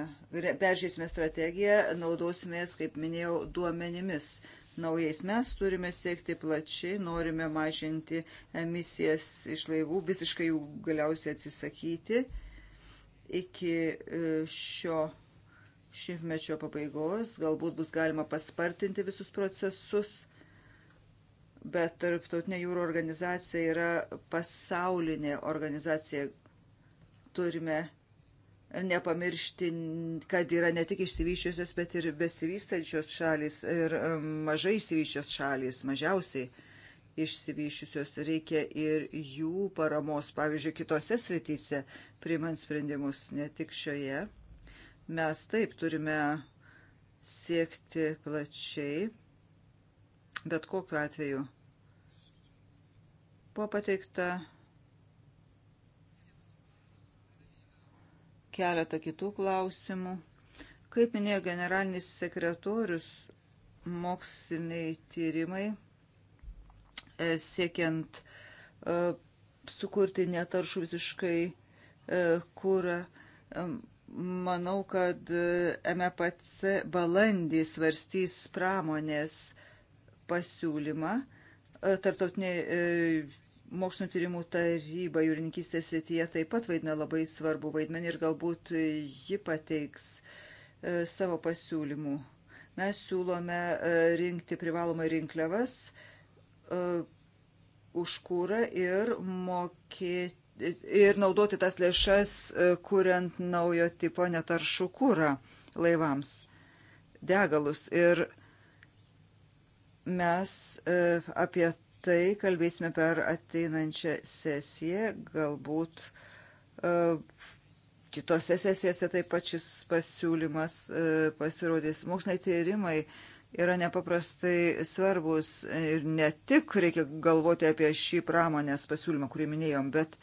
peržiūrėsime strategiją, naudosimės, kaip minėjau, duomenimis naujais. Mes turime siekti plačiai, norime mažinti emisijas iš laivų, visiškai jų galiausiai atsisakyti iki e, šio šimtmečio pabaigos. Galbūt bus galima paspartinti visus procesus bet tarptautinė jūrų organizacija yra pasaulinė organizacija. Turime nepamiršti, kad yra ne tik išsivyščiosios, bet ir besivystančios šalis ir um, mažai išsivyščios šalis, mažiausiai išsivyščiusios reikia ir jų paramos, pavyzdžiui, kitose srityse, priimant sprendimus, ne tik šioje. Mes taip turime siekti plačiai, bet kokiu atveju. Buvo pateikta keletą kitų klausimų. Kaip minėjo generalinis sekretorius, moksliniai tyrimai e, siekiant e, sukurti netaršų visiškai e, kūrą. Manau, kad MPC balandį svarstys pramonės pasiūlymą. Tarptautiniai Mokslinio tyrimų taryba jūrininkystės srityje taip pat vaidina labai svarbu vaidmenį ir galbūt ji pateiks e, savo pasiūlymų. Mes siūlome e, rinkti privalomai rinkliavas e, už kūrą ir mokėti. Ir naudoti tas lėšas, kuriant naujo tipo netaršų kūrą laivams, degalus. Ir mes apie tai kalbėsime per ateinančią sesiją, galbūt e, kitose sesijose taip pat šis pasiūlymas e, pasirodys. Moksliniai tyrimai yra nepaprastai svarbus ir ne tik reikia galvoti apie šį pramonės pasiūlymą, kurį minėjom, bet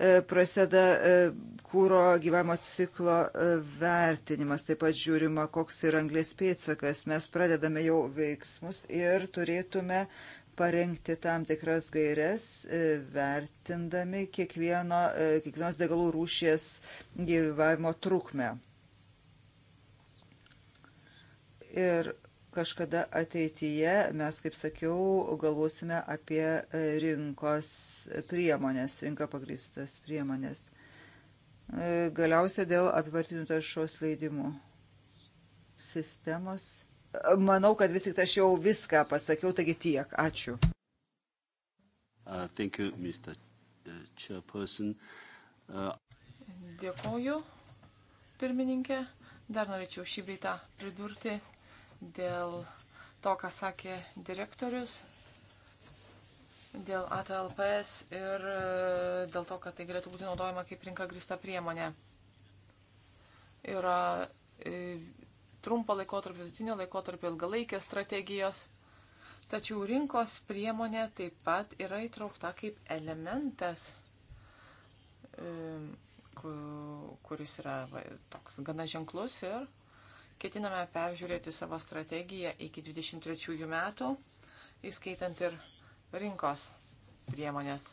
e, prasideda kūro gyvavimo ciklo vertinimas, taip pat žiūrima, koks yra anglės pėtsakas. Mes pradedame jau veiksmus ir turėtume parengti tam tikras gairias, e, vertindami kiekvieno, e, kiekvienos degalų rūšies gyvavimo trukmę. Ir kažkada ateityje mes, kaip sakiau, galvosime apie e, rinkos priemonės, rinka pagristas priemonės. Galiausia dėl apivartinių taršos leidimų sistemos manau, kad vis tik aš jau viską pasakiau, taigi tiek. Ačiū. Uh, thank you, Mr. Uh, chairperson. Uh... Dėkoju, pirmininkė. Dar norėčiau šį beitą pridurti dėl to, ką sakė direktorius, dėl ATLPS ir uh, dėl to, kad tai galėtų būti naudojama kaip rinka grįsta priemonė. Yra uh, trumpo laikotarpio, vidutinio laikotarpio, ilgalaikės strategijos. Tačiau rinkos priemonė taip pat yra įtraukta kaip elementas, e, kuris yra toks gana ženklus ir ketiname peržiūrėti savo strategiją iki 23 metų, įskaitant ir rinkos priemonės.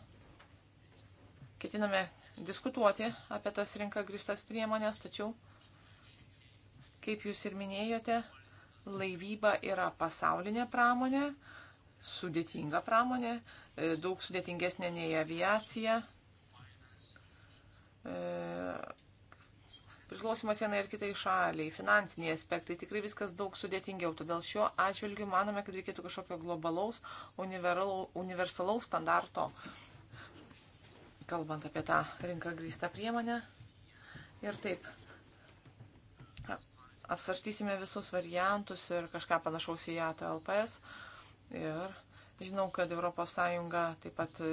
Ketiname diskutuoti apie tas rinką gristas priemonės, tačiau Kaip jūs ir minėjote, laivyba yra pasaulinė pramonė, sudėtinga pramonė, e, daug sudėtingesnė nei aviacija. E, Priklausimas vienai ir kitai šaliai, finansiniai aspektai, tikrai viskas daug sudėtingiau. Todėl šiuo atžvilgiu manome, kad reikėtų kažkokio globalaus, universalaus standarto, kalbant apie tą rinką grįstą priemonę. Ir taip, apsvarstysime visus variantus ir kažką panašaus į ATLPS. Ir žinau, kad ES taip pat e,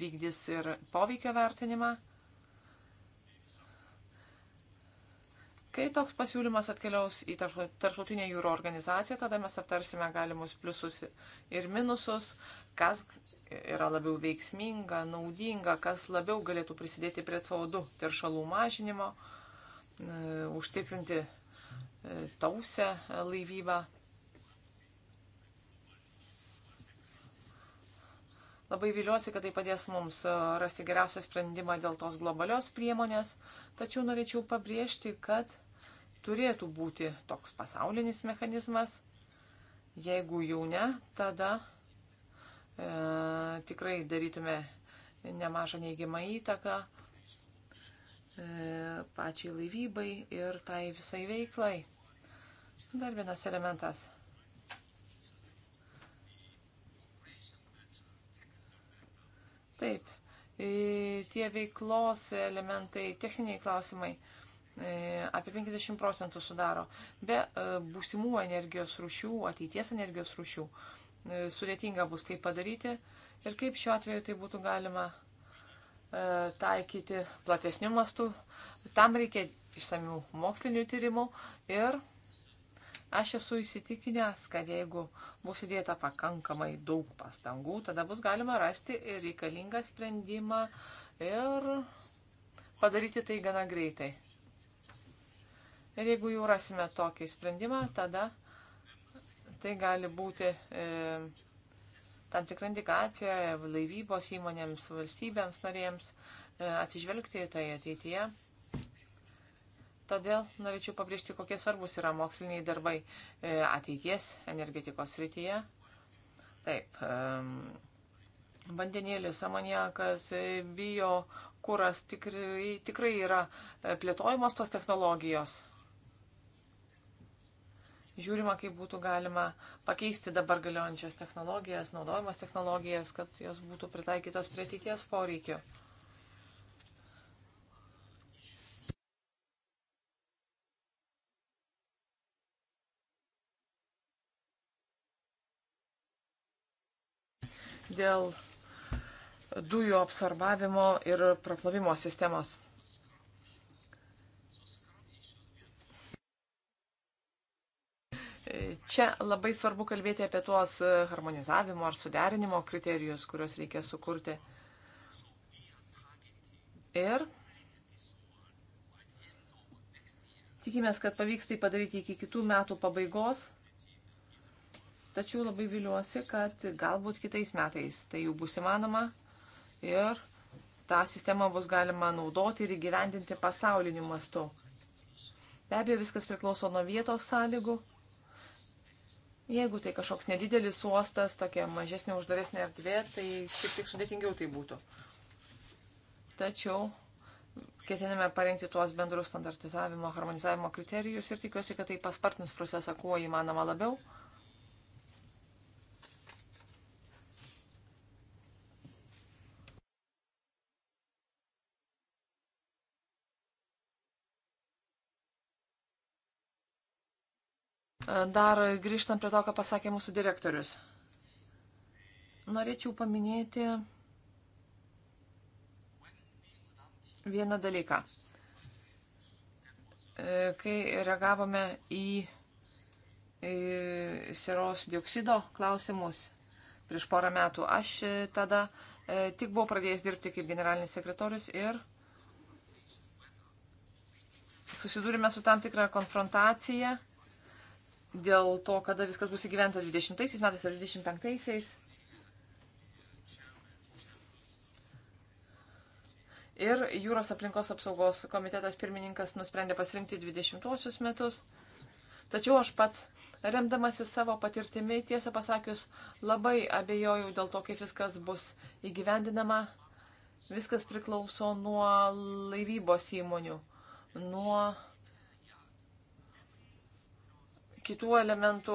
vykdys ir poveikio vertinimą. Kai toks pasiūlymas atkeliaus į tarptautinę jūro organizaciją, tada mes aptarsime galimus pliusus ir minususus, kas yra labiau veiksminga, naudinga, kas labiau galėtų prisidėti prie CO2 teršalų mažinimo, e, užtikrinti tausią laivybą. Labai viliuosi, kad tai padės mums rasti geriausią sprendimą dėl tos globalios priemonės, tačiau norėčiau pabrėžti, kad turėtų būti toks pasaulinis mechanizmas. Jeigu jau ne, tada e, tikrai darytume nemažą neigiamą įtaką E, pačiai laivybai ir tai visai veiklai. Dar vienas elementas. Taip, e, tie veiklos elementai, techniniai klausimai e, apie 50 procentų sudaro. Be būsimų energijos rūšių, ateities energijos rūšių, sudėtinga bus tai padaryti. Ir kaip šiuo atveju tai būtų galima E, taikyti platesnių mastų. Tam reikia išsamių mokslinių tyrimų ir aš esu įsitikinęs, kad jeigu bus įdėta pakankamai daug pastangų, tada bus galima rasti reikalingą sprendimą ir padaryti tai gana greitai. Ir jeigu jau rasime tokį sprendimą, tada tai gali būti e, tam tikra indikacija laivybos įmonėms, valstybėms narėms e, atsižvelgti į tai ateityje. Todėl norėčiau pabrėžti, kokie svarbus yra moksliniai darbai e, ateities energetikos srityje. Taip, vandenėlis, amoniakas, e, bio kuras tikrai, tikrai yra plėtojamos tos technologijos žiūrima, kaip būtų galima pakeisti dabar galiojančias technologijas, naudojamas technologijas, kad jos būtų pritaikytos prie ateities poreikio. Dėl dujų absorbavimo ir praplovimo sistemos. Čia labai svarbu kalbėti apie tuos e, harmonizavimo ar suderinimo kriterijus, kuriuos reikia sukurti. Ir tikimės, kad pavyks tai padaryti iki kitų metų pabaigos. Tačiau labai viliuosi, kad galbūt kitais metais tai jau bus įmanoma ir tą sistemą bus galima naudoti ir įgyvendinti pasauliniu mastu. Be abejo, viskas priklauso nuo vietos sąlygų Jeigu tai kažkoks nedidelis uostas, tokia mažesnė uždaresnė erdvė, tai šiek tiek sudėtingiau tai būtų. Tačiau ketiname parengti tuos bendrus standartizavimo, harmonizavimo kriterijus ir tikiuosi, kad tai paspartins procesą kuo įmanoma labiau. Dar grįžtant prie to, ką pasakė mūsų direktorius. Norėčiau paminėti vieną dalyką. E, kai reagavome į, į sieros dioksido klausimus prieš porą metų, aš tada e, tik buvau pradėjęs dirbti kaip generalinis sekretorius ir susidūrime su tam tikrą konfrontaciją dėl to, kada viskas bus įgyventa 20 metais ar 25 metais. Ir jūros aplinkos apsaugos komitetas pirmininkas nusprendė pasirinkti 20-osius metus. Tačiau aš pats, remdamasi savo patirtimi, tiesą pasakius, labai abejojau dėl to, kaip viskas bus įgyvendinama. Viskas priklauso nuo laivybos įmonių, nuo kitų elementų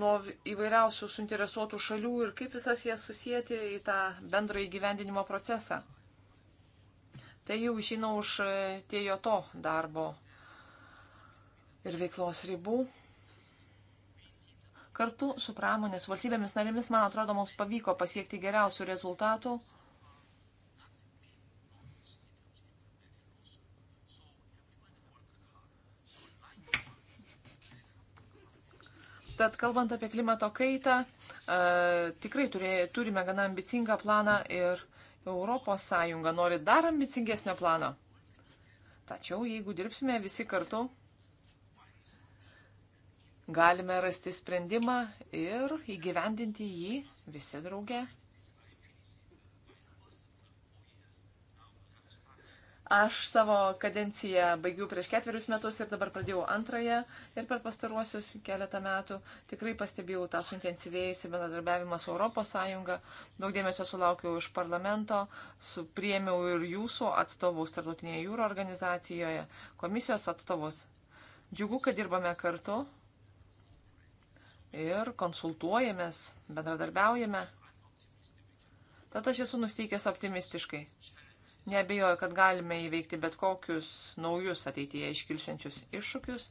nuo įvairiausių suinteresuotų šalių ir kaip visas jas susijęti į tą bendrą įgyvendinimo procesą. Tai jau išeina už e, tėjo to darbo ir veiklos ribų. Kartu su pramonės valstybėmis narėmis, man atrodo, mums pavyko pasiekti geriausių rezultatų Tad kalbant apie klimato kaitą, e, tikrai turė, turime gana ambicingą planą ir ES nori dar ambicingesnio plano. Tačiau jeigu dirbsime visi kartu, galime rasti sprendimą ir įgyvendinti jį visi drauge. Aš savo kadenciją baigiau prieš ketverius metus ir dabar pradėjau antrąją ir per pastaruosius keletą metų tikrai pastebėjau tą suintensyvėjusi bendradarbiavimą su ES. Daug dėmesio sulaukiau iš parlamento, supriemiau ir jūsų atstovus Tartutinėje jūro organizacijoje, komisijos atstovus. Džiugu, kad dirbame kartu ir konsultuojamės, bendradarbiaujame. Tad aš esu nusteikęs optimistiškai. Nebejoju, kad galime įveikti bet kokius naujus ateityje iškilsiančius iššūkius.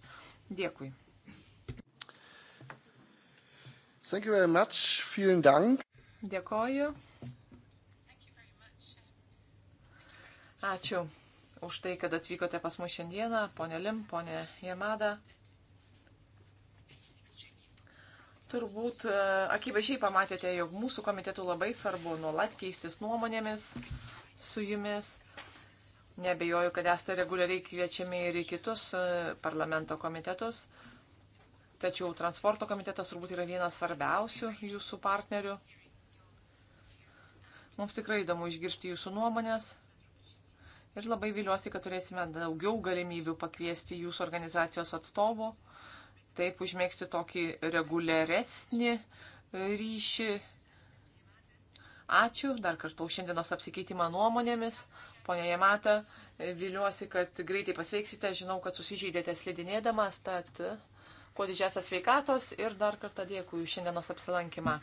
Dėkui. Dėkoju. Ačiū už tai, kad atvykote pas mus šiandieną, ponė Lim, ponė Jemada. Turbūt e, akivaizdžiai pamatėte, jog mūsų komitetų labai svarbu nuolat keistis nuomonėmis su jumis. Nebejoju, kad esate reguliariai kviečiami ir į kitus e, parlamento komitetus. Tačiau transporto komitetas turbūt yra vienas svarbiausių jūsų partnerių. Mums tikrai įdomu išgirsti jūsų nuomonės. Ir labai viliuosi, kad turėsime daugiau galimybių pakviesti jūsų organizacijos atstovų. Taip užmėgsti tokį reguliaresnį ryšį Ačiū dar kartą už šiandienos apsikeitimą nuomonėmis. Pone Jamata, viliuosi, kad greitai pasveiksite. Žinau, kad susižeidėte slidinėdamas, tad kuo didžiasios sveikatos ir dar kartą dėkui už šiandienos apsilankymą.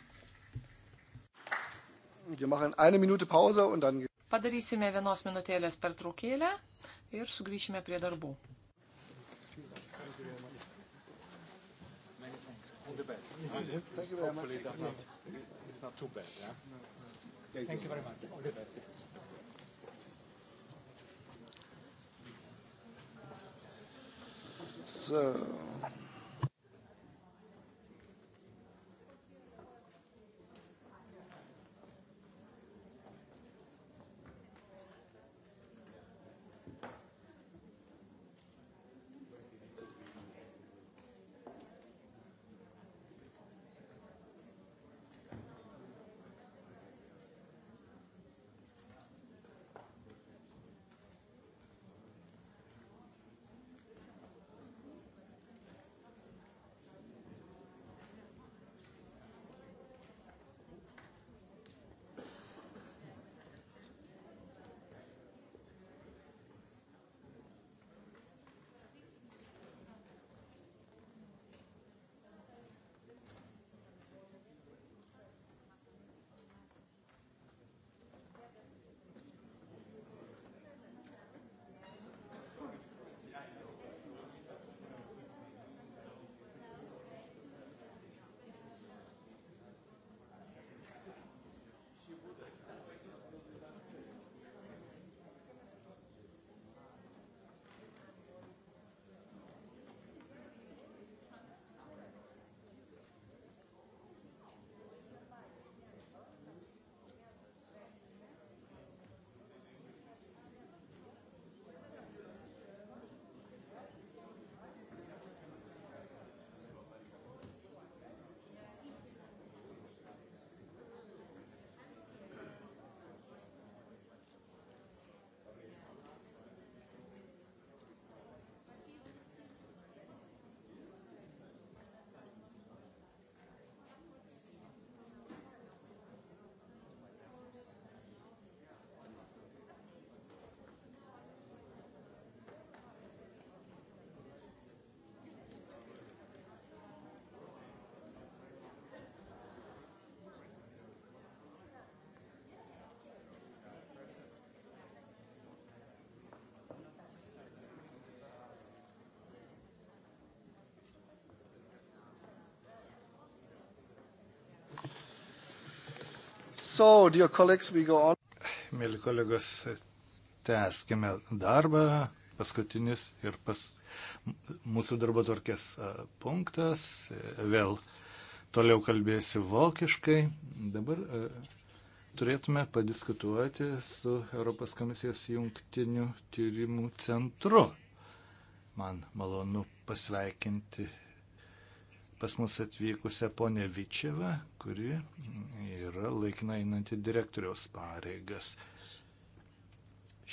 Padarysime vienos minutėlės pertraukėlę ir sugrįšime prie darbų. All the best. Thank you very much. Hopefully it's not, it's not too bad. Yeah? No. Thank, Thank you. you very much. All the best. So. So, dear colleagues, we go on. Mėly kolegos, tęskime darbą. Paskutinis ir pas mūsų darbo tvarkės punktas. Vėl toliau kalbėsiu vokiškai. Dabar turėtume padiskutuoti su Europos komisijos jungtinių tyrimų centru. Man malonu pasveikinti pas mus atvykusią ponę Vyčevą, kuri yra laikinai einanti direktoriaus pareigas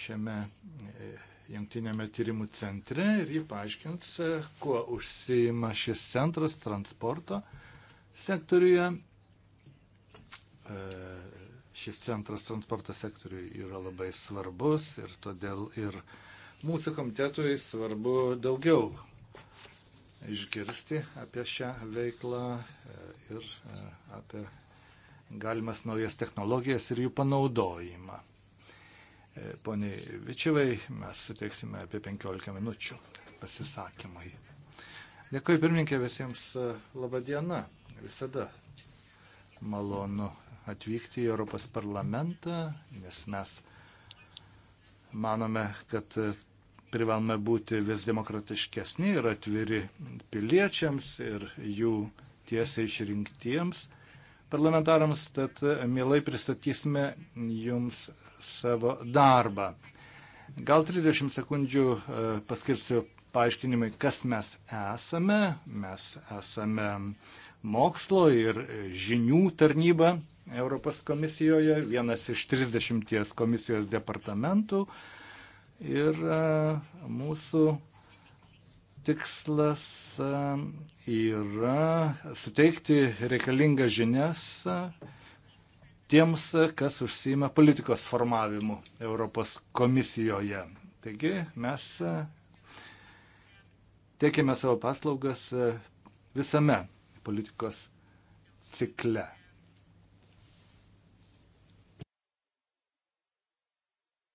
šiame e, jungtinėme tyrimų centre ir ji paaiškins, e, kuo užsima šis centras transporto sektoriuje. E, šis centras transporto sektoriuje yra labai svarbus ir todėl ir mūsų komitetui svarbu daugiau išgirsti apie šią veiklą e, ir e, apie galimas naujas technologijas ir jų panaudojimą. E, pone Vičiavai, mes suteiksime apie 15 minučių pasisakymai. Dėkui pirmininkė visiems, laba diena. Visada malonu atvykti į Europos parlamentą, nes mes manome, kad privalome būti vis demokratiškesni ir atviri piliečiams ir jų tiesiai išrinktiems parlamentarams, tad mielai pristatysime jums savo darbą. Gal 30 sekundžių e, paskirsiu paaiškinimai, kas mes esame. Mes esame mokslo ir žinių tarnyba Europos komisijoje, vienas iš 30 komisijos departamentų ir e, mūsų tikslas e, yra suteikti reikalingas žinias e, tiems, kas užsima politikos formavimu Europos komisijoje. Taigi mes tiekime savo paslaugas visame politikos cikle.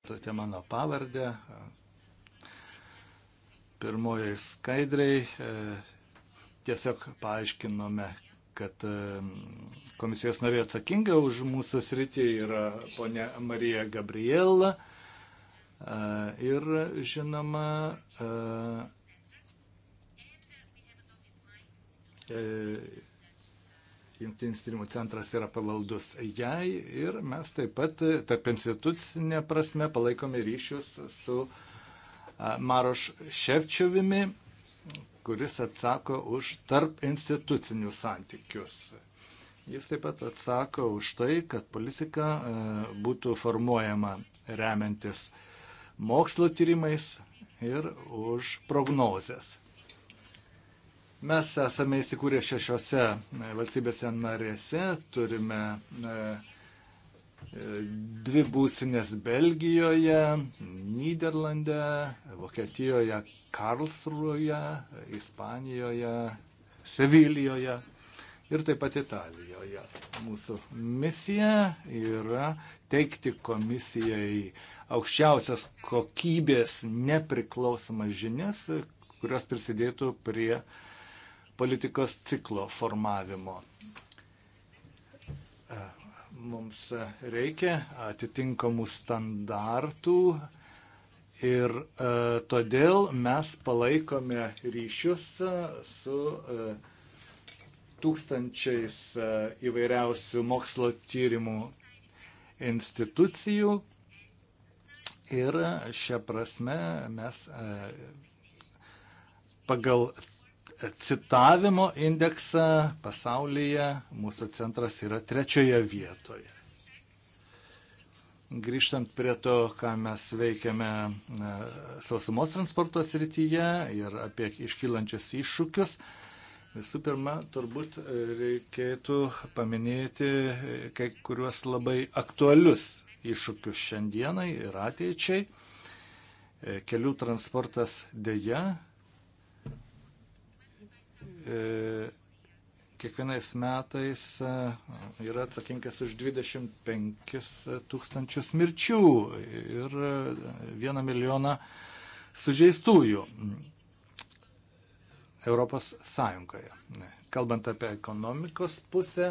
matote mano pavardę. Pirmoje skaidrai e, tiesiog paaiškinome, kad e, komisijos narė atsakinga už mūsų sritį yra ponia Marija Gabriela. E, ir žinoma, Jungtinis tyrimų centras yra pavaldus jai ir mes taip pat e, tarp institucinė prasme palaikome ryšius su Maroš Ševčiovimi, kuris atsako už tarp institucinius santykius. Jis taip pat atsako už tai, kad politika e, būtų formuojama remiantis mokslo tyrimais ir už prognozes. Mes esame įsikūrę šešiose e, valstybėse narėse, turime e, e, dvi būsinės Belgijoje, Niderlande, Vokietijoje, Karlsruje, Ispanijoje, Sevilijoje ir taip pat Italijoje. Mūsų misija yra teikti komisijai aukščiausias kokybės nepriklausomas žinias, kurios prisidėtų prie uh, politikos ciklo formavimo. E, mums reikia atitinkamų standartų ir e, todėl mes palaikome ryšius su e, tūkstančiais įvairiausių mokslo tyrimų institucijų. Ir šią prasme mes pagal citavimo indeksą pasaulyje mūsų centras yra trečioje vietoje. Grįžtant prie to, ką mes veikiame e, sausumos transporto srityje ir apie iškylančius iššūkius, visų pirma, turbūt reikėtų paminėti e, kai kuriuos labai aktualius iššūkius šiandienai ir ateičiai. E, kelių transportas dėja E, kiekvienais metais e, yra atsakingas už 25 tūkstančius mirčių ir 1 e, milijoną sužeistųjų Europos Sąjungoje. Kalbant apie ekonomikos pusę,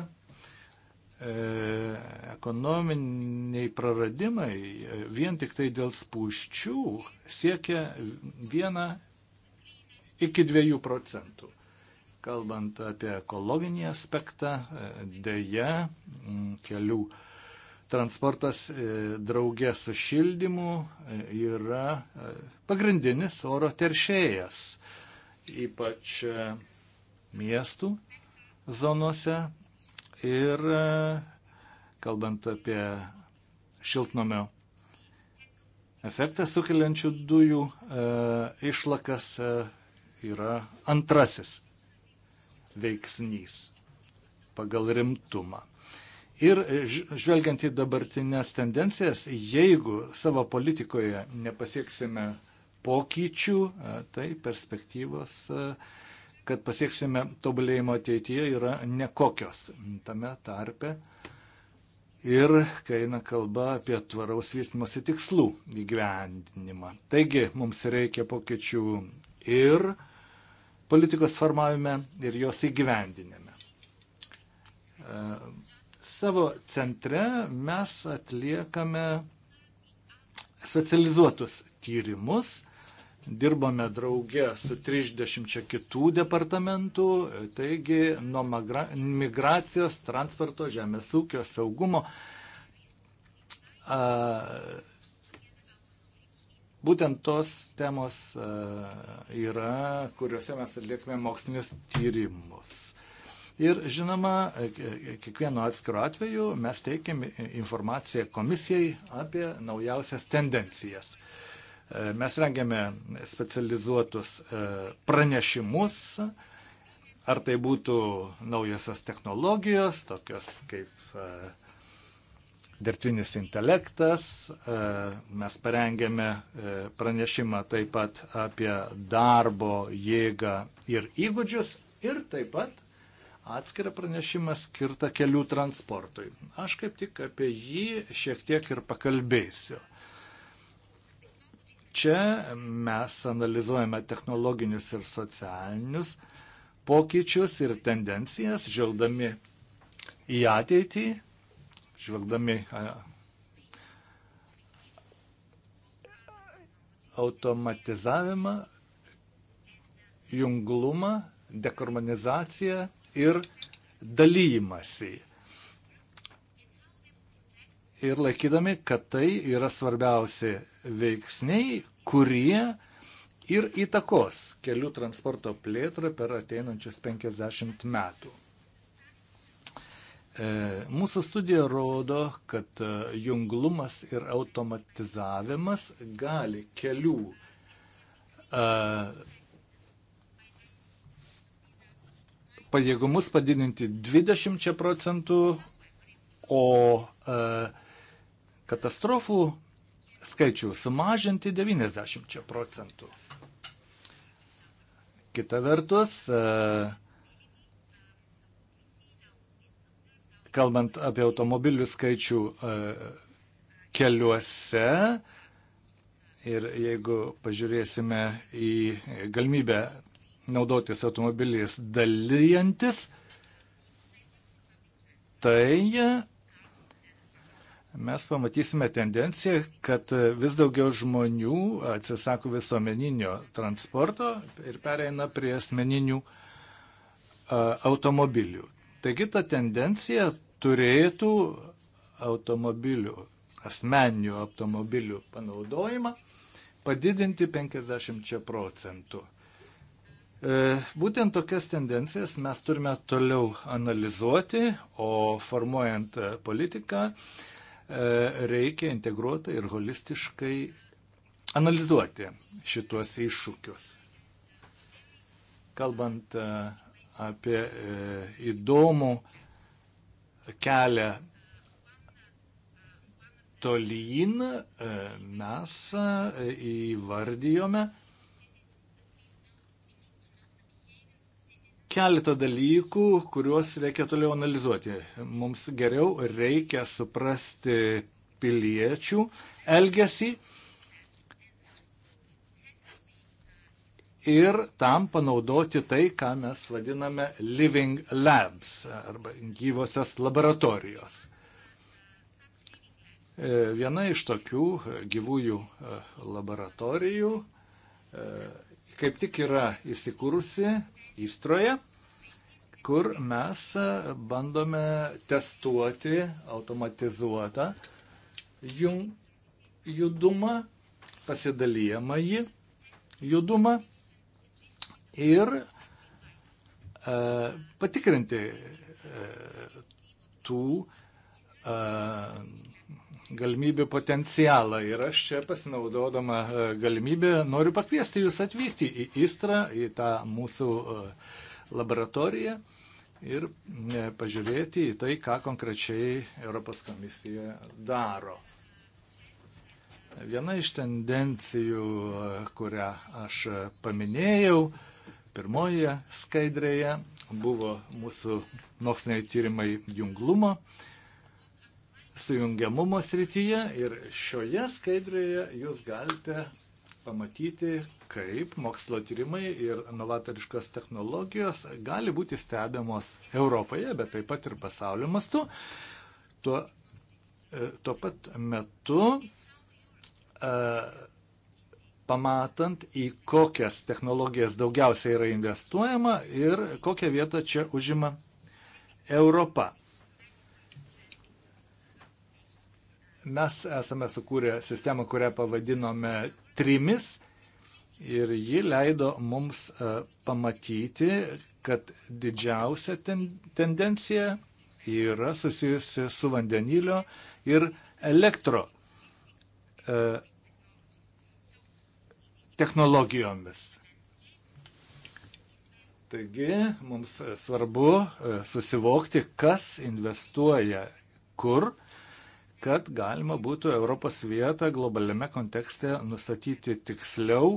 ekonominiai praradimai vien tik tai dėl spūščių siekia 1 iki 2 procentų. Kalbant apie ekologinį aspektą, dėja kelių transportas e, draugė su šildymu e, yra e, pagrindinis oro teršėjas, ypač miestų zonose. Ir kalbant apie šiltnomio efektą sukeliančių dujų išlakas, yra antrasis veiksnys pagal rimtumą. Ir žvelgiant į dabartinės tendencijas, jeigu savo politikoje nepasieksime pokyčių, e, tai perspektyvos, e, kad pasieksime tobulėjimo ateityje, yra nekokios tame tarpe. Ir kai eina kalba apie tvaraus vystimosi tikslų įgyvendinimą. Taigi mums reikia pokyčių ir uh, politikos formavime ir jos įgyvendinime. E, savo centre mes atliekame specializuotus tyrimus, dirbame drauge su 30 kitų departamentų, taigi nuo migracijos, transporto, žemės ūkio, saugumo Būtent tos temos e, yra, kuriuose mes atliekame mokslinius tyrimus. Ir žinoma, e, e, kiekvieno atskiro atveju mes teikiam informaciją komisijai apie naujausias tendencijas. Mes rengiame specializuotus pranešimus, ar tai būtų naujosios technologijos, tokios kaip dirbtinis intelektas. E, mes parengėme e, pranešimą taip pat apie darbo jėgą ir įgūdžius ir taip pat atskirą pranešimą skirtą kelių transportui. Aš kaip tik apie jį šiek tiek ir pakalbėsiu. Čia mes analizuojame technologinius ir socialinius pokyčius ir tendencijas, žvelgdami į ateitį, žvelgdami automatizavimą, junglumą, dekarbonizaciją ir dalymasi. Ir laikydami, kad tai yra svarbiausi veiksniai, kurie ir įtakos kelių transporto plėtrą per ateinančius 50 metų. E, mūsų studija rodo, kad e, junglumas ir automatizavimas gali kelių e, pajėgumus padidinti 20 procentų, o katastrofų skaičių sumažinti 90 procentų. Kita vertus, a, kalbant apie automobilių skaičių e, keliuose. Ir jeigu pažiūrėsime į galimybę naudotis automobiliais dalyjantis, tai mes pamatysime tendenciją, kad vis daugiau žmonių atsisako visuomeninio transporto ir pereina prie asmeninių e, automobilių. Taigi ta tendencija turėtų automobilių, asmeninių automobilių panaudojimą padidinti 50 procentų. E, būtent tokias tendencijas mes turime toliau analizuoti, o formuojant politiką e, reikia integruotai ir holistiškai analizuoti šituos iššūkius. Kalbant e, apie e, įdomų kelią tolyn, e, mes e, įvardyjome keletą dalykų, kuriuos reikia toliau analizuoti. Mums geriau reikia suprasti piliečių elgesį, ir tam panaudoti tai, ką mes vadiname living labs arba gyvosios laboratorijos. E, viena iš tokių e, gyvųjų e, laboratorijų kaip tik yra įsikūrusi įstroje, kur mes bandome testuoti automatizuotą judumą, pasidalyjamą jį judumą ir e, patikrinti e, tų e, galimybių potencialą. Ir aš čia pasinaudodama e, galimybę noriu pakviesti Jūs atvykti į Istrą, į tą mūsų e, laboratoriją ir e, pažiūrėti į tai, ką konkrečiai Europos komisija daro. Viena iš tendencijų, kurią aš paminėjau, Pirmoje skaidrėje buvo mūsų moksliniai tyrimai junglumo, sujungiamumo srityje ir šioje skaidrėje jūs galite pamatyti, kaip mokslo tyrimai ir novatoriškos technologijos gali būti stebiamos Europoje, bet taip pat ir pasaulio mastu. Tuo, e, tuo pat metu uh, pamatant, į kokias technologijas daugiausiai yra investuojama ir kokią vietą čia užima Europa. Mes esame sukūrę sistemą, kurią pavadinome trimis ir ji leido mums e, pamatyti, kad didžiausia ten, tendencija yra susijusi su vandenilio ir elektro e, technologijomis. Taigi mums svarbu e, susivokti, kas investuoja kur, kad galima būtų Europos vietą globaliame kontekste nustatyti tiksliau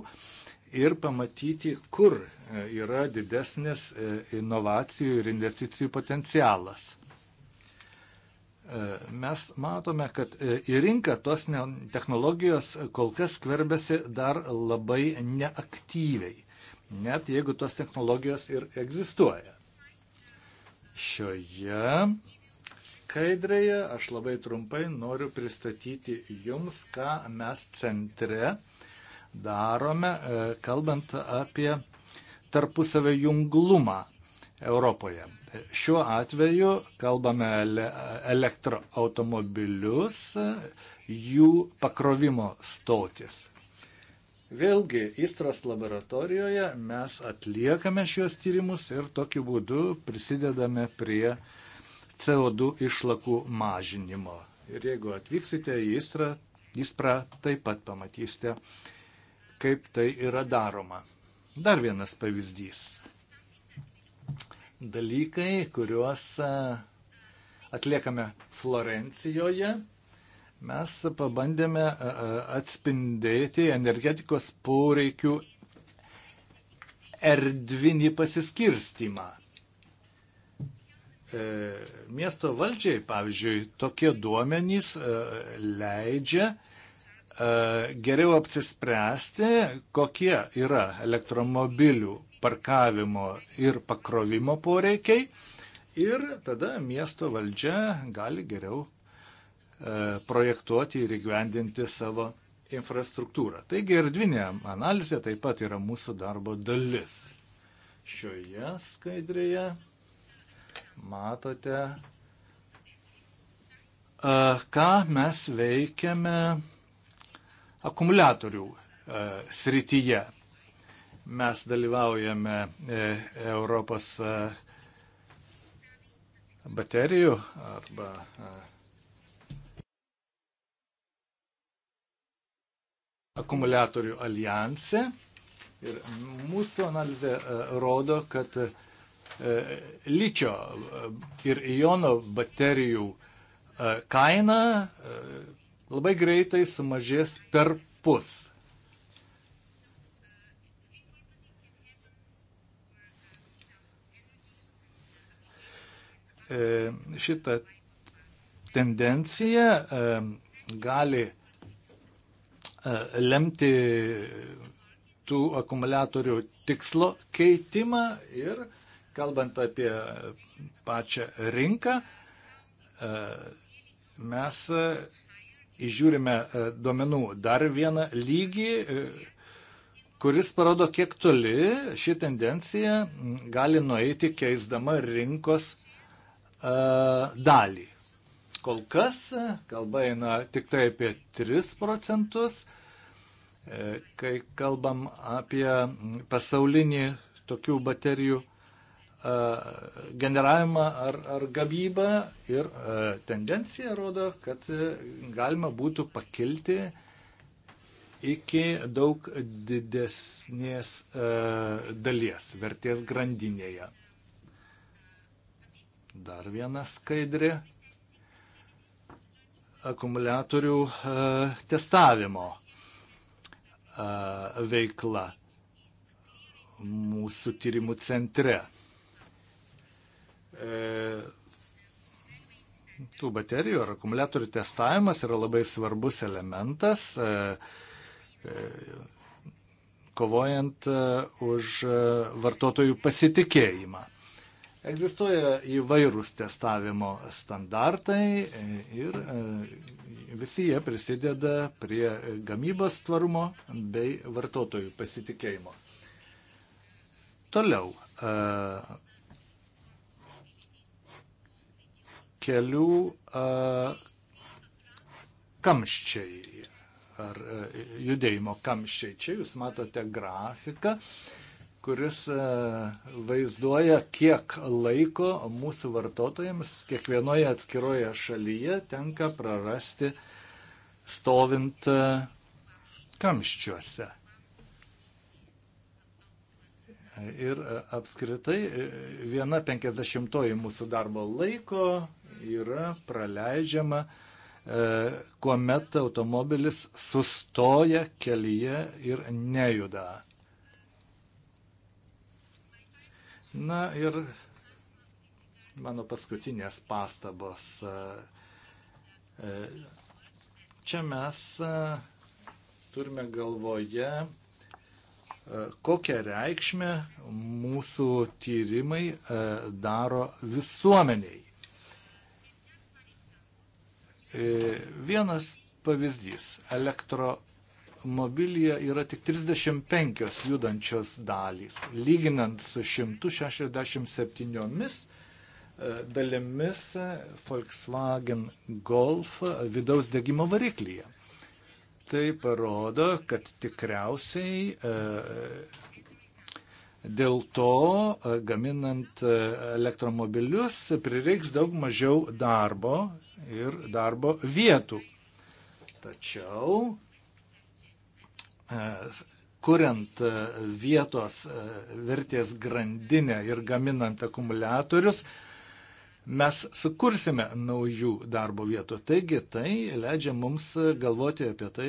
ir pamatyti, kur e, yra didesnis e, inovacijų ir investicijų potencialas mes matome, kad e, į rinką tos technologijos kol kas skverbiasi dar labai neaktyviai, net jeigu tos technologijos ir egzistuoja. Šioje skaidrėje aš labai trumpai noriu pristatyti jums, ką mes centre darome, e, kalbant apie tarpusavio junglumą Europoje. Šiuo atveju kalbame elektroautomobilius, jų pakrovimo stotis. Vėlgi, Istros laboratorijoje mes atliekame šiuos tyrimus ir tokiu būdu prisidedame prie CO2 išlakų mažinimo. Ir jeigu atvyksite į Istrą, Isprą taip pat pamatysite, kaip tai yra daroma. Dar vienas pavyzdys dalykai, kuriuos e, atliekame Florencijoje. Mes pabandėme e, e, atspindėti energetikos poreikių erdvinį pasiskirstimą. Miesto valdžiai, pavyzdžiui, tokie duomenys leidžia geriau apsispręsti, kokie yra elektromobilių parkavimo ir pakrovimo poreikiai ir tada miesto valdžia gali geriau e, projektuoti ir įgyvendinti savo infrastruktūrą. Taigi erdvinė analizė taip pat yra mūsų darbo dalis. Šioje skaidrėje matote, e, ką mes veikiame akumuliatorių e, srityje. Mes dalyvaujame e, Europos e, baterijų arba e, akumuliatorių alijanse. Ir mūsų analizė rodo, kad ličio ir jono baterijų kaina labai greitai sumažės per pus. E, šitą tendenciją e, gali e, lemti tų akumuliatorių tikslo keitimą ir kalbant apie pačią rinką, mes išžiūrime duomenų dar vieną lygį, kuris parodo, kiek toli ši tendencija gali nueiti keisdama rinkos dalį. Kol kas kalba eina tik tai apie 3 procentus. E, kai kalbam apie pasaulinį tokių baterijų generavimą ar, ar gavybą ir tendencija rodo, kad e, galima būtų pakilti iki daug didesnės dalies vertės grandinėje. Dar viena skaidri akumuliatorių e, testavimo e, veikla mūsų tyrimų centre. E, tų baterijų ar akumuliatorių testavimas yra labai svarbus elementas kovojant už vartotojų pasitikėjimą. Egzistuoja įvairūs testavimo standartai e, ir e, visi jie prisideda prie gamybos tvarumo bei vartotojų pasitikėjimo. Toliau. E, kelių kamščiai ar judėjimo kamščiai. Čia jūs matote grafiką. A, kuris e, vaizduoja, kiek laiko mūsų vartotojams kiekvienoje atskiroje šalyje tenka prarasti stovint e, kamščiuose. Ir e, apskritai viena penkisdešimtoji mūsų darbo laiko yra praleidžiama, kuomet automobilis sustoja kelyje ir nejuda. Na ir mano paskutinės pastabos. E, e, čia mes e, turime galvoje, kokią reikšmę mūsų tyrimai daro visuomeniai. Vienas pavyzdys - elektro automobilyje yra tik 35 judančios dalys, lyginant su 167 e, dalimis e, Volkswagen Golf vidaus degimo variklyje. Tai parodo, kad tikriausiai e, Dėl to gaminant elektromobilius prireiks daug mažiau darbo ir darbo vietų. Tačiau E, kuriant e, vietos e, vertės grandinę ir gaminant akumuliatorius, mes sukursime naujų darbo vietų. Taigi tai leidžia mums galvoti apie tai,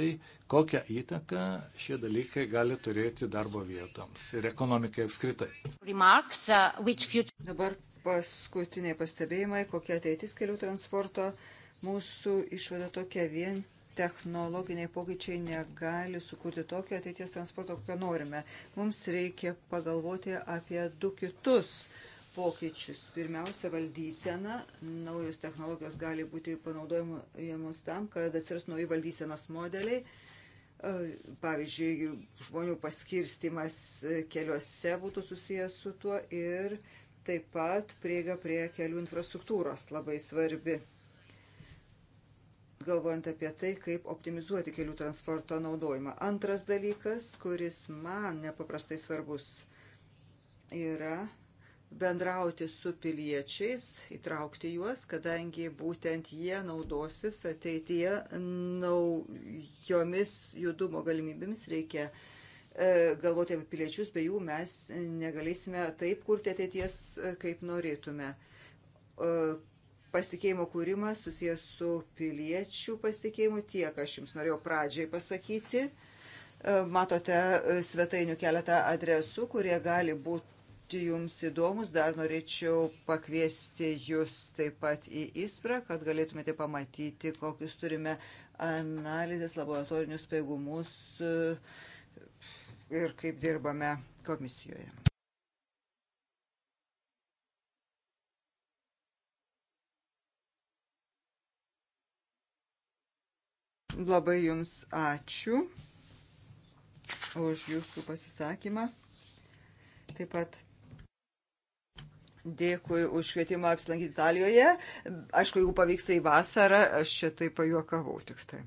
kokią įtaką šie dalykai gali turėti darbo vietoms ir ekonomikai apskritai. Remarks, uh, Dabar paskutiniai pastebėjimai, kokia ateitis kelių transporto. Mūsų išvada tokia vien technologiniai pokyčiai negali sukurti tokio ateities transporto, kokio norime. Mums reikia pagalvoti apie du kitus pokyčius. Pirmiausia, valdysena. Naujos technologijos gali būti panaudojamos tam, kad atsiras nauji valdysenos modeliai. E, pavyzdžiui, žmonių paskirstimas keliuose būtų susijęs su tuo ir taip pat prieiga prie kelių infrastruktūros labai svarbi galvojant apie tai, kaip optimizuoti kelių transporto naudojimą. Antras dalykas, kuris man nepaprastai svarbus, yra bendrauti su piliečiais, įtraukti juos, kadangi būtent jie naudosis ateityje naujomis judumo galimybėmis reikia e, galvoti apie piliečius, be jų mes negalėsime taip kurti ateities, e, kaip norėtume e, pasikeimo kūrimas susijęs su piliečių pasikeimu. Tiek aš jums norėjau pradžiai pasakyti. E, matote e, svetainių keletą adresų, kurie gali būti jums įdomus. Dar norėčiau pakviesti jūs taip pat į įsprą, kad galėtumėte pamatyti, kokius turime analizės laboratorinius paigumus e, ir kaip dirbame komisijoje. Labai Jums ačiū už Jūsų pasisakymą. Taip pat dėkui už kvietimą apsilankyti Italijoje. Aišku, jeigu pavyks tai vasarą, aš čia tai pajuokavau tik tai.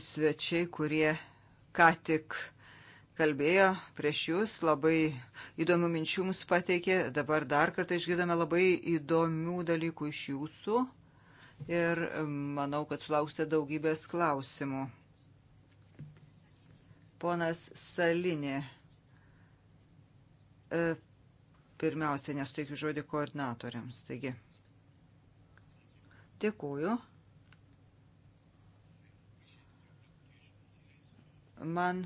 Svečiai, kurie ką tik kalbėjo prieš jūs, labai įdomių minčių mums pateikė. Dabar dar kartą išgirdome labai įdomių dalykų iš jūsų ir manau, kad sulauksite daugybės klausimų. Ponas Salinė, e, pirmiausia, nesuteikiu žodį koordinatoriams. Taigi, dėkuoju. Man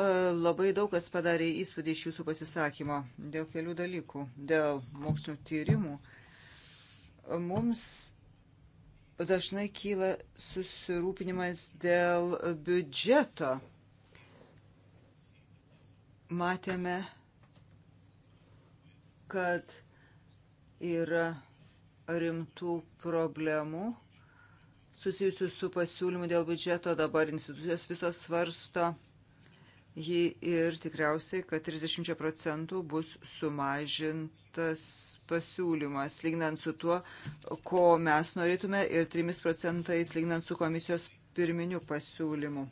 E, labai daug kas padarė įspūdį iš jūsų pasisakymo dėl kelių dalykų, dėl mokslinio tyrimų. Mums dažnai kyla susirūpinimas dėl biudžeto. Matėme, kad yra rimtų problemų susijusių su pasiūlymu dėl biudžeto. Dabar institucijos visos svarsto jį ir tikriausiai, kad 30 procentų bus sumažintas pasiūlymas, lygnant su tuo, ko mes norėtume, ir 3 procentais lygnant su komisijos pirminiu pasiūlymu.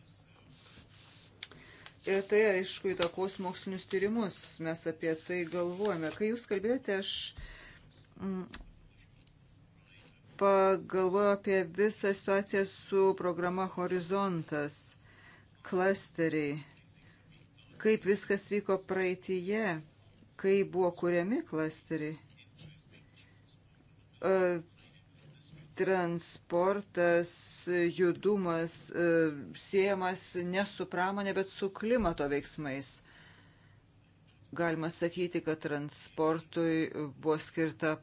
Ir tai, aišku, įtakos mokslinius tyrimus. Mes apie tai galvojame. Kai jūs kalbėjote, aš mm, pagalvojau apie visą situaciją su programa Horizontas, klasteriai kaip viskas vyko praeitįje, kai buvo kuriami klasteriai. E, transportas, judumas e, siejamas ne su pramonė, bet su klimato veiksmais. Galima sakyti, kad transportui buvo skirta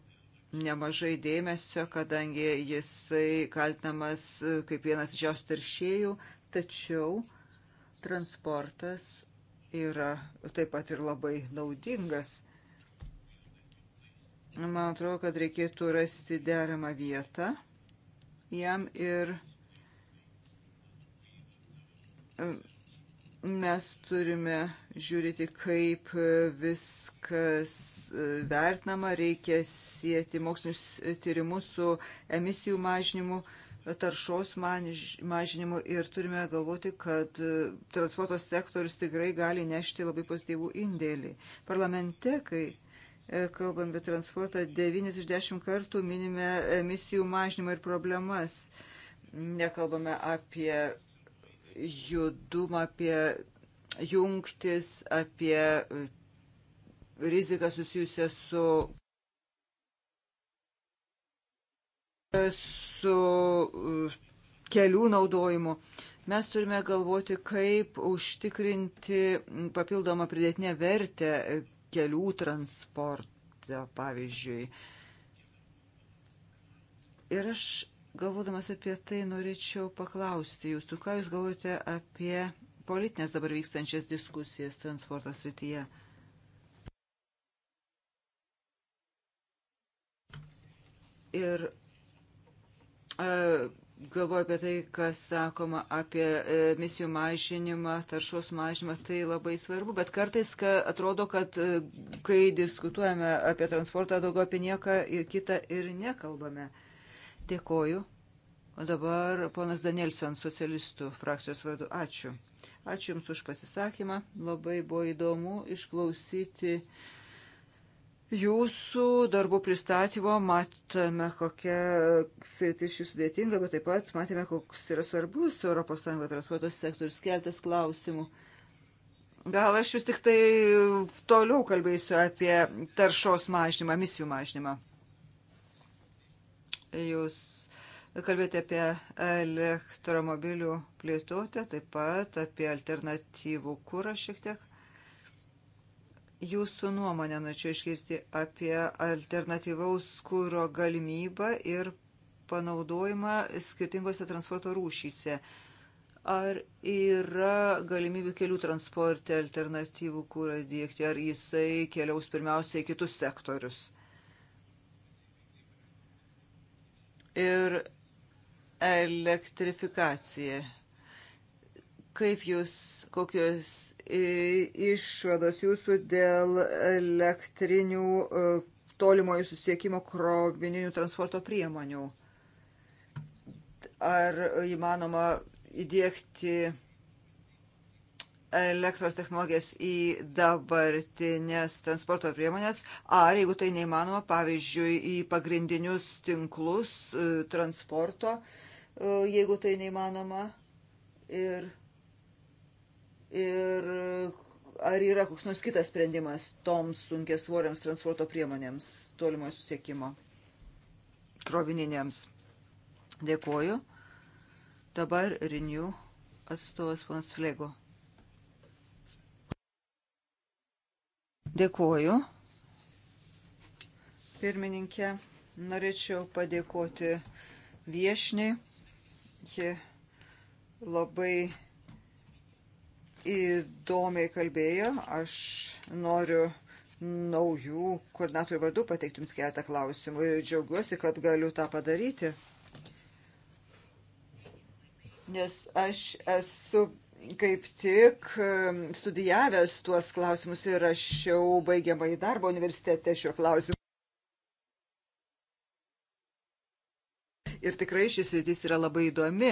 nemažai dėmesio, kadangi jisai kaltinamas kaip vienas didžiausių teršėjų, tačiau transportas yra taip pat ir labai naudingas. Man atrodo, kad reikėtų rasti deramą vietą jam ir e, mes turime žiūrėti, kaip viskas e, vertinama, reikia sieti mokslinius tyrimus su emisijų mažinimu taršos mažinimu ir turime galvoti, kad e, transporto sektorius tikrai gali nešti labai pozityvų indėlį. Parlamente, kai e, kalbam apie transportą, 9 iš 10 kartų minime emisijų mažinimą ir problemas. Nekalbame apie judumą, apie jungtis, apie e, riziką susijusią su su e, kelių naudojimu. Mes turime galvoti, kaip užtikrinti papildomą pridėtinę vertę kelių transportą, pavyzdžiui. Ir aš galvodamas apie tai norėčiau paklausti jūsų, ką jūs galvojate apie politinės dabar vykstančias diskusijas transporto srityje? Ir galvoju apie tai, kas sakoma apie emisijų mažinimą, taršos mažinimą, tai labai svarbu, bet kartais ka, atrodo, kad e, kai diskutuojame apie transportą, daugiau apie nieką kitą ir nekalbame. Dėkoju. O dabar ponas Danielson, socialistų frakcijos vardu. Ačiū. Ačiū Jums už pasisakymą. Labai buvo įdomu išklausyti uh, Jūsų darbų pristatymo matome, kokia sritis šis sudėtinga, bet taip pat matėme, koks yra svarbus ES transporto sektorius keltas klausimų. Gal aš vis tik tai toliau kalbėsiu apie taršos mažinimą, misijų mažinimą. Jūs kalbėti apie elektromobilių plėtotę, taip pat apie alternatyvų kūrą šiek tiek. Jūsų nuomonę norėčiau išgirsti apie alternatyvaus kūro galimybą ir panaudojimą skirtingose transporto rūšyse. Ar yra galimybių kelių transporte alternatyvų kūrą dėkti, ar jisai keliaus pirmiausiai į kitus sektorius? Ir elektrifikacija. Kaip jūs, kokios išvados jūsų dėl elektrinių e, tolimojo susiekimo krovininių transporto priemonių? Ar įmanoma įdėkti elektros technologijas į dabartinės transporto priemonės, ar jeigu tai neįmanoma, pavyzdžiui, į pagrindinius tinklus e, transporto, e, jeigu tai neįmanoma. Ir Ir ar yra koks nors kitas sprendimas toms sunkės svoriams transporto priemonėms tolimojo susiekimo krovininėms? Dėkuoju. Dabar Renew atstovas Pons Flego. Dėkuoju. Pirmininkė, norėčiau padėkoti viešniai. Ji labai įdomiai kalbėjo. Aš noriu naujų koordinatorių vardų pateikti jums keletą klausimų ir džiaugiuosi, kad galiu tą padaryti. Nes aš esu kaip tik um, studijavęs tuos klausimus ir rašiau baigiamą į darbą universitete šiuo klausimu. Ir tikrai šis rytis yra labai įdomi.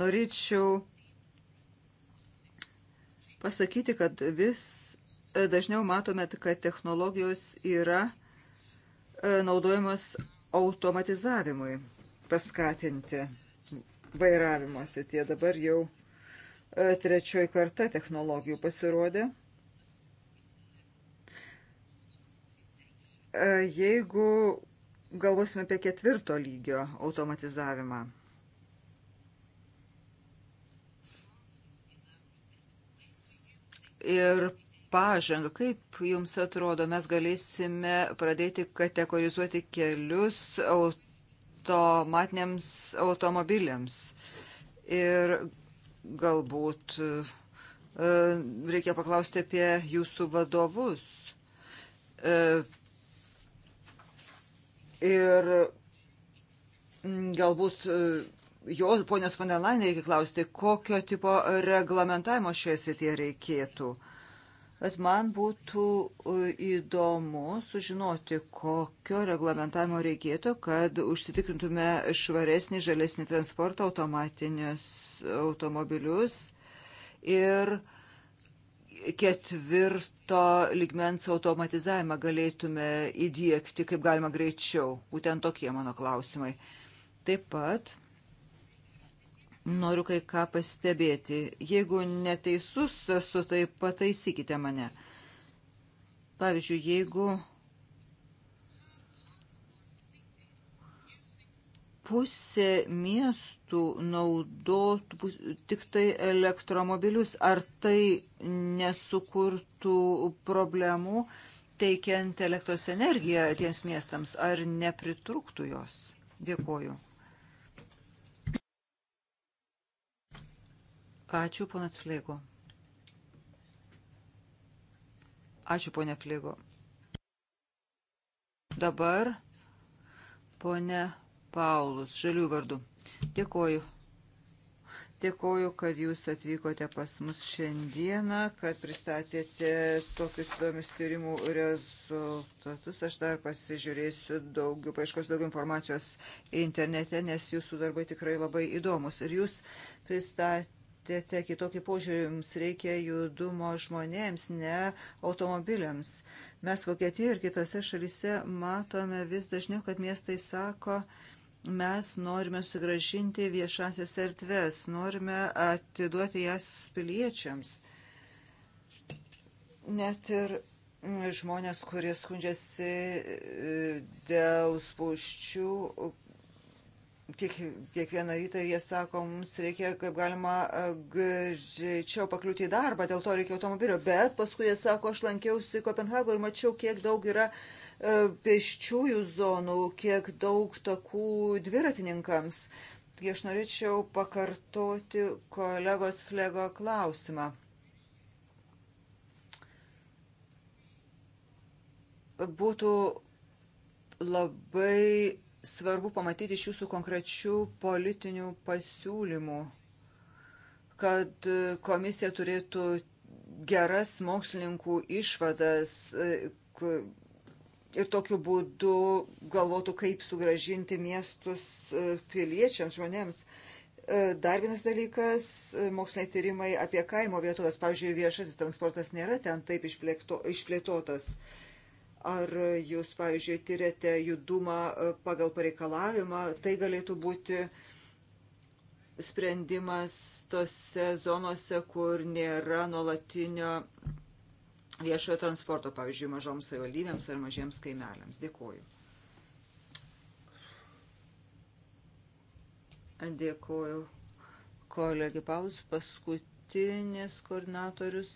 Norėčiau pasakyti, kad vis e, dažniau matome, kad technologijos yra e, naudojamos automatizavimui paskatinti vairavimuose. Tie dabar jau e, trečioji karta technologijų pasirodė. Jeigu galvosime apie ketvirto lygio automatizavimą, ir pažangą. Kaip jums atrodo, mes galėsime pradėti kategorizuoti kelius automatiniams automobiliams ir galbūt e, reikia paklausti apie jūsų vadovus. E, ir galbūt jo, ponios von der Leyen, reikia klausti, kokio tipo reglamentavimo šioje srityje reikėtų. Bet man būtų e, įdomu sužinoti, kokio reglamentavimo reikėtų, kad užsitikrintume švaresnį, žalesnį transportą, automatinius automobilius ir ketvirto ligmens automatizavimą galėtume įdėkti kaip galima greičiau. Būtent tokie mano klausimai. Taip pat noriu kai ką pastebėti. Jeigu neteisus esu, tai pataisykite mane. Pavyzdžiui, jeigu pusė miestų naudotų tik tai elektromobilius, ar tai nesukurtų problemų teikiant elektros energiją tiems miestams, ar nepritrūktų jos? Dėkuoju. Ačiū, ponas Fleigo. Ačiū, ponė Fleigo. Dabar ponė Paulus, žalių vardu. Dėkoju. Dėkoju, kad jūs atvykote pas mus šiandieną, kad pristatėte tokius įdomius tyrimų rezultatus. Aš dar pasižiūrėsiu daugiau, paaiškos daugiau informacijos internete, nes jūsų darbai tikrai labai įdomus. Ir jūs pristatėte numatėte kitokį požiūrį, jums reikia judumo žmonėms, ne automobiliams. Mes Vokietijoje ir kitose šalise matome vis dažniau, kad miestai sako, mes norime sugražinti viešasias erdves, norime atiduoti jas piliečiams. Net ir mm, žmonės, kurie skundžiasi e, dėl spūščių, kiek, kiekvieną rytą jie sako, mums reikia kaip galima e, greičiau pakliūti į darbą, dėl to reikia automobilio. Bet paskui jie sako, aš lankiausi Kopenhagoje ir mačiau, kiek daug yra e, pėsčiųjų zonų, kiek daug takų dviratininkams. Taigi aš norėčiau pakartoti kolegos Flego klausimą. Būtų labai svarbu pamatyti iš jūsų konkrečių politinių pasiūlymų, kad komisija turėtų geras mokslininkų išvadas e, ir tokiu būdu galvotų, kaip sugražinti miestus e, piliečiams, žmonėms. E, dar vienas dalykas - moksliniai tyrimai apie kaimo vietovės. Pavyzdžiui, viešasis transportas nėra ten taip išplėto, išplėtotas. Išplėto, Ar jūs, pavyzdžiui, tyrėte judumą e, pagal pareikalavimą, tai galėtų būti sprendimas tose zonose, kur nėra nuolatinio viešojo transporto, pavyzdžiui, mažoms savivaldybėms ar mažiems kaimeliams. Dėkuoju. Dėkuoju kolegi Paulus, paskutinis koordinatorius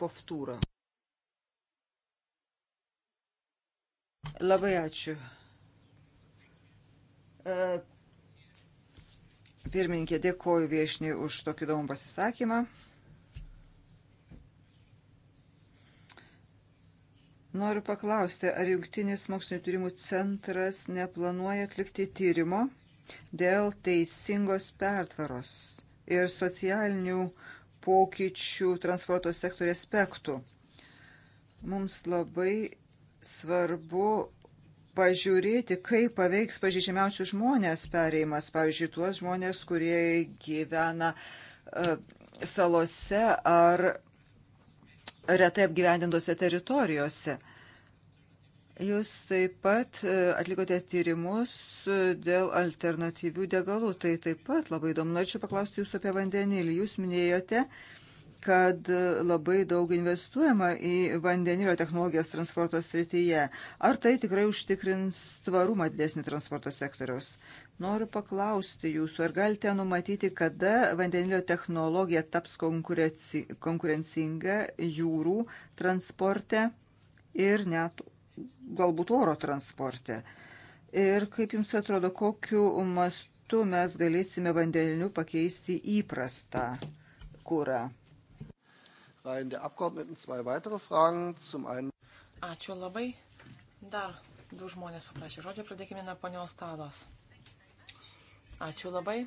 koftūrą. Labai ačiū. E, pirmininkė, dėkoju viešniai už tokį įdomų pasisakymą. Noriu paklausti, ar Jungtinis mokslinio tyrimų centras neplanuoja atlikti tyrimo dėl teisingos pertvaros ir socialinių uh, pokyčių transporto sektorių aspektų. Mums labai svarbu pažiūrėti, kaip paveiks pažydžiamiausių žmonės pereimas, pavyzdžiui, tuos žmonės, kurie gyvena e, salose ar retai apgyvendintose teritorijose. Jūs taip pat e, atlikote tyrimus e, dėl alternatyvių degalų. Tai taip pat labai įdomu. Norėčiau paklausti Jūsų apie vandenilį. Jūs minėjote, kad e, labai daug investuojama į vandenilio technologijas transporto srityje. Ar tai tikrai užtikrins tvarumą didesnį transporto sektoriaus? Noriu paklausti Jūsų, ar galite numatyti, kada vandenilio technologija taps konkurenci konkurencinga jūrų transporte ir net galbūt oro transporte. Ir kaip jums atrodo, kokiu mastu mes galėsime vandeniliu pakeisti įprastą kūrą? Ačiū labai. Dar du žmonės paprašė žodžio, pradėkime nuo ponios Talos. Ačiū labai.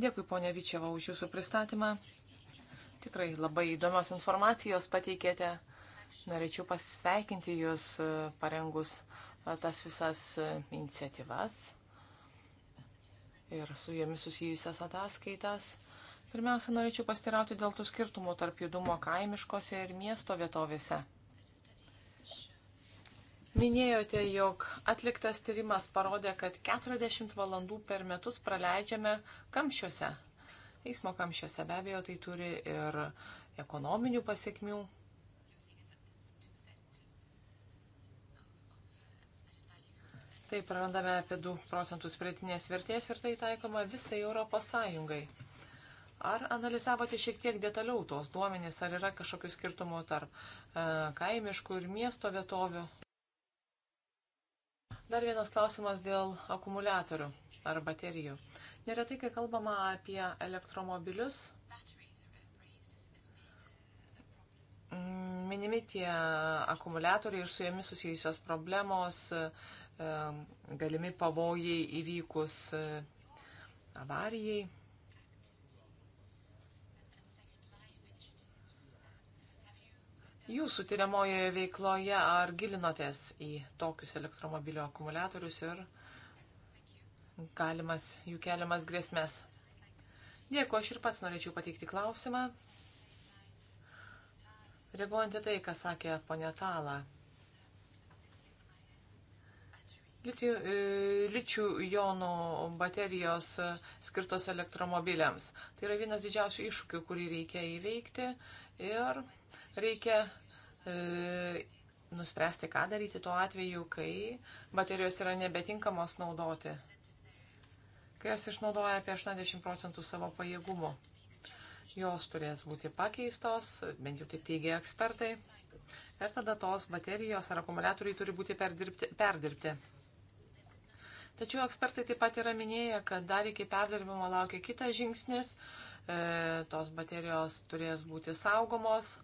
Dėkui, ponia Vyčiava, už jūsų pristatymą. Tikrai labai įdomios informacijos pateikėte. Norėčiau pasveikinti Jūs e, parengus e, tas visas e, iniciatyvas ir su jomis susijusias ataskaitas. Pirmiausia, norėčiau pastirauti dėl tų skirtumų tarp judumo kaimiškose ir miesto vietovėse. Minėjote, jog atliktas tyrimas parodė, kad 40 valandų per metus praleidžiame kamščiuose. Eismo kamščiuose be abejo tai turi ir ekonominių pasiekmių. Tai prarandame apie 2 procentus pritinės vertės ir tai taikoma visai Europos Sąjungai. Ar analizavote šiek tiek detaliau tos duomenys, ar yra kažkokių skirtumų tarp e, kaimiškų ir miesto vietovių? Dar vienas klausimas dėl akumuliatorių ar baterijų. Neretai, kai kalbama apie elektromobilius, minimi tie akumuliatoriai ir su jomis susijusios problemos, e, galimi pavojai įvykus e, avarijai. Jūsų tyriamojoje veikloje ar gilinotės į tokius elektromobilio akumuliatorius ir galimas jų keliamas grėsmės? Dėkui, aš ir pats norėčiau pateikti klausimą. Reaguojant į tai, ką sakė ponė Tala, ličių e, jonų baterijos skirtos elektromobiliams. Tai yra vienas didžiausių iššūkių, kurį reikia įveikti ir reikia e, nuspręsti, ką daryti tuo atveju, kai baterijos yra nebetinkamos naudoti, kai jos išnaudoja apie 80 procentų savo pajėgumo. Jos turės būti pakeistos, bent jau taip teigia ekspertai. Ir tada tos baterijos ar akumuliatoriai turi būti perdirbti. perdirbti. Tačiau ekspertai taip pat yra minėję, kad dar iki perdirbimo laukia kitas žingsnis, e, tos baterijos turės būti saugomos.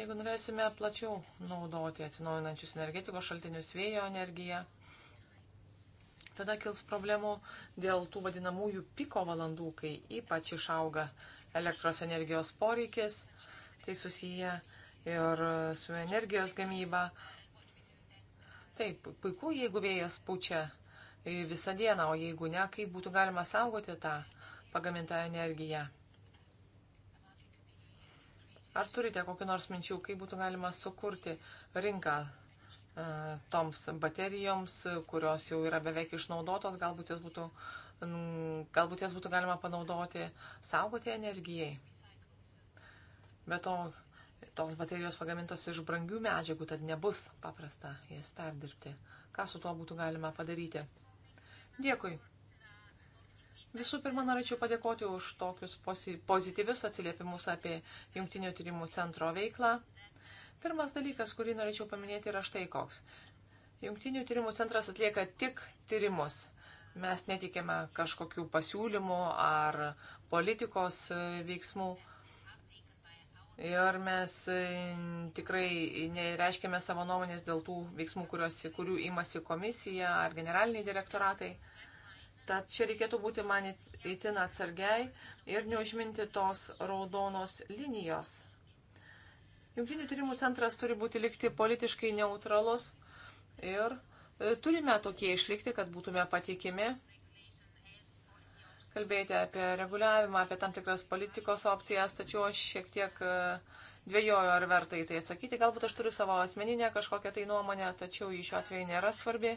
Jeigu norėsime plačiau naudoti atsinaujinančius energetikos šaltinius vėjo energiją, tada kils problemų dėl tų vadinamųjų piko valandų, kai ypač išauga elektros energijos poreikis. Tai susiję ir su energijos gamyba. Taip, puiku, jeigu vėjas pučia visą dieną, o jeigu ne, kaip būtų galima saugoti tą pagamintą energiją. Ar turite kokiu nors minčių, kaip būtų galima sukurti rinką e, toms baterijoms, kurios jau yra beveik išnaudotos, galbūt jas būtų, galbūt jas būtų galima panaudoti saugoti energijai. Be to, Tos baterijos pagamintos iš brangių medžiagų, tad nebus paprasta jas perdirbti. Ką su tuo būtų galima padaryti? Dėkui. Visų pirma, norėčiau padėkoti už tokius pozityvius atsiliepimus apie Junktinio tyrimų centro veiklą. Pirmas dalykas, kurį norėčiau paminėti, yra štai koks. Junktinių tyrimų centras atlieka tik tyrimus. Mes netikėme kažkokių pasiūlymų ar politikos e, veiksmų. Ir mes e, tikrai nereiškėme savo nuomonės dėl tų veiksmų, kurios, kurių imasi komisija ar generaliniai direktoratai. Tad čia reikėtų būti man įtin atsargiai ir neužminti tos raudonos linijos. Junktinių tyrimų centras turi būti likti politiškai neutralus ir e, turime tokie išlikti, kad būtume patikimi Kalbėjote apie reguliavimą, apie tam tikras politikos opcijas, tačiau aš šiek tiek e, dvėjoju, ar verta į tai atsakyti. Galbūt aš turiu savo asmeninę kažkokią tai nuomonę, tačiau į šiuo atveju nėra svarbi.